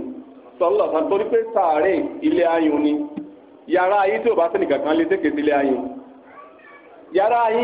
Speaker 1: sọ̀lọ̀ kan torí pé sàárè ilé ayùn ni yàrá ayé tí ò bá sẹ́nìkàn kan lé sí ilé ayùn yàrá ayé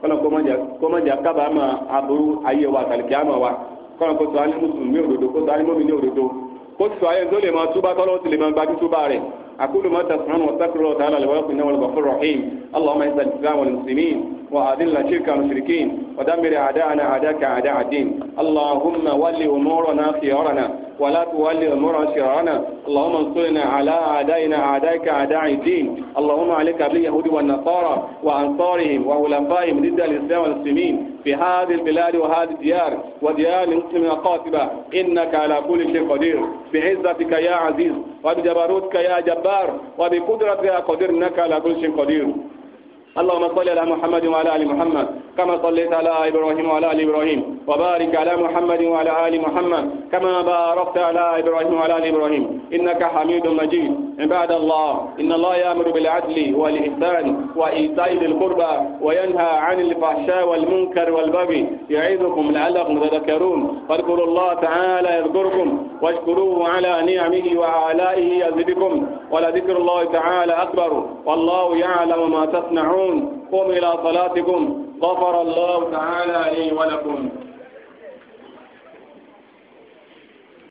Speaker 1: kọ́nà kọ́mọ̀jà kábàámà aburú ayé wa àtàlìkí àmà wa kọ́nà kó sọ ayé mùsùlùmí òdodo kó sọ ayé mọ́mìnì òdodo kó sọ ayé tó lè máa túbá tọ́lọ́ ti lè máa gbajú túbá rẹ̀ أقول ما تسمعون واستغفر الله تعالى لي ولكم إنه الغفور الرحيم اللهم اعز الإسلام والمسلمين وأذل شرك المشركين ودمر أعداءنا أعداءك أعداء الدين اللهم ول أمورنا خيارنا ولا تولي أمورنا شرعنا اللهم انصرنا على أعدائنا أعدائك أعداء الدين اللهم عليك باليهود والنصارى وأنصارهم وخلفائهم ضد الإسلام والمسلمين في هذه البلاد وهذه الديار وديار المسلمين القاطبة إنك على كل شيء قدير بعزتك يا عزيز وبجبروتك يا جبار وبقدرتك يا قدير إنك على كل شيء قدير اللهم صل على محمد وعلى آل محمد كما صليت على إبراهيم وعلى آل إبراهيم وبارك على محمد وعلى آل محمد كما باركت على إبراهيم وعلى آل إبراهيم إنك حميد مجيد عباد الله إن الله يأمر بالعدل والإحسان وإيتاء ذي القربى وينهى عن الفحشاء والمنكر والبغي يعظكم لعلكم تذكرون فاذكروا الله تعالى يذكركم واشكروه على نعمه وعلائه يزدكم ولذكر الله تعالى أكبر والله يعلم ما تصنعون تفلحون قم إلى صلاتكم غفر الله تعالى لي ولكم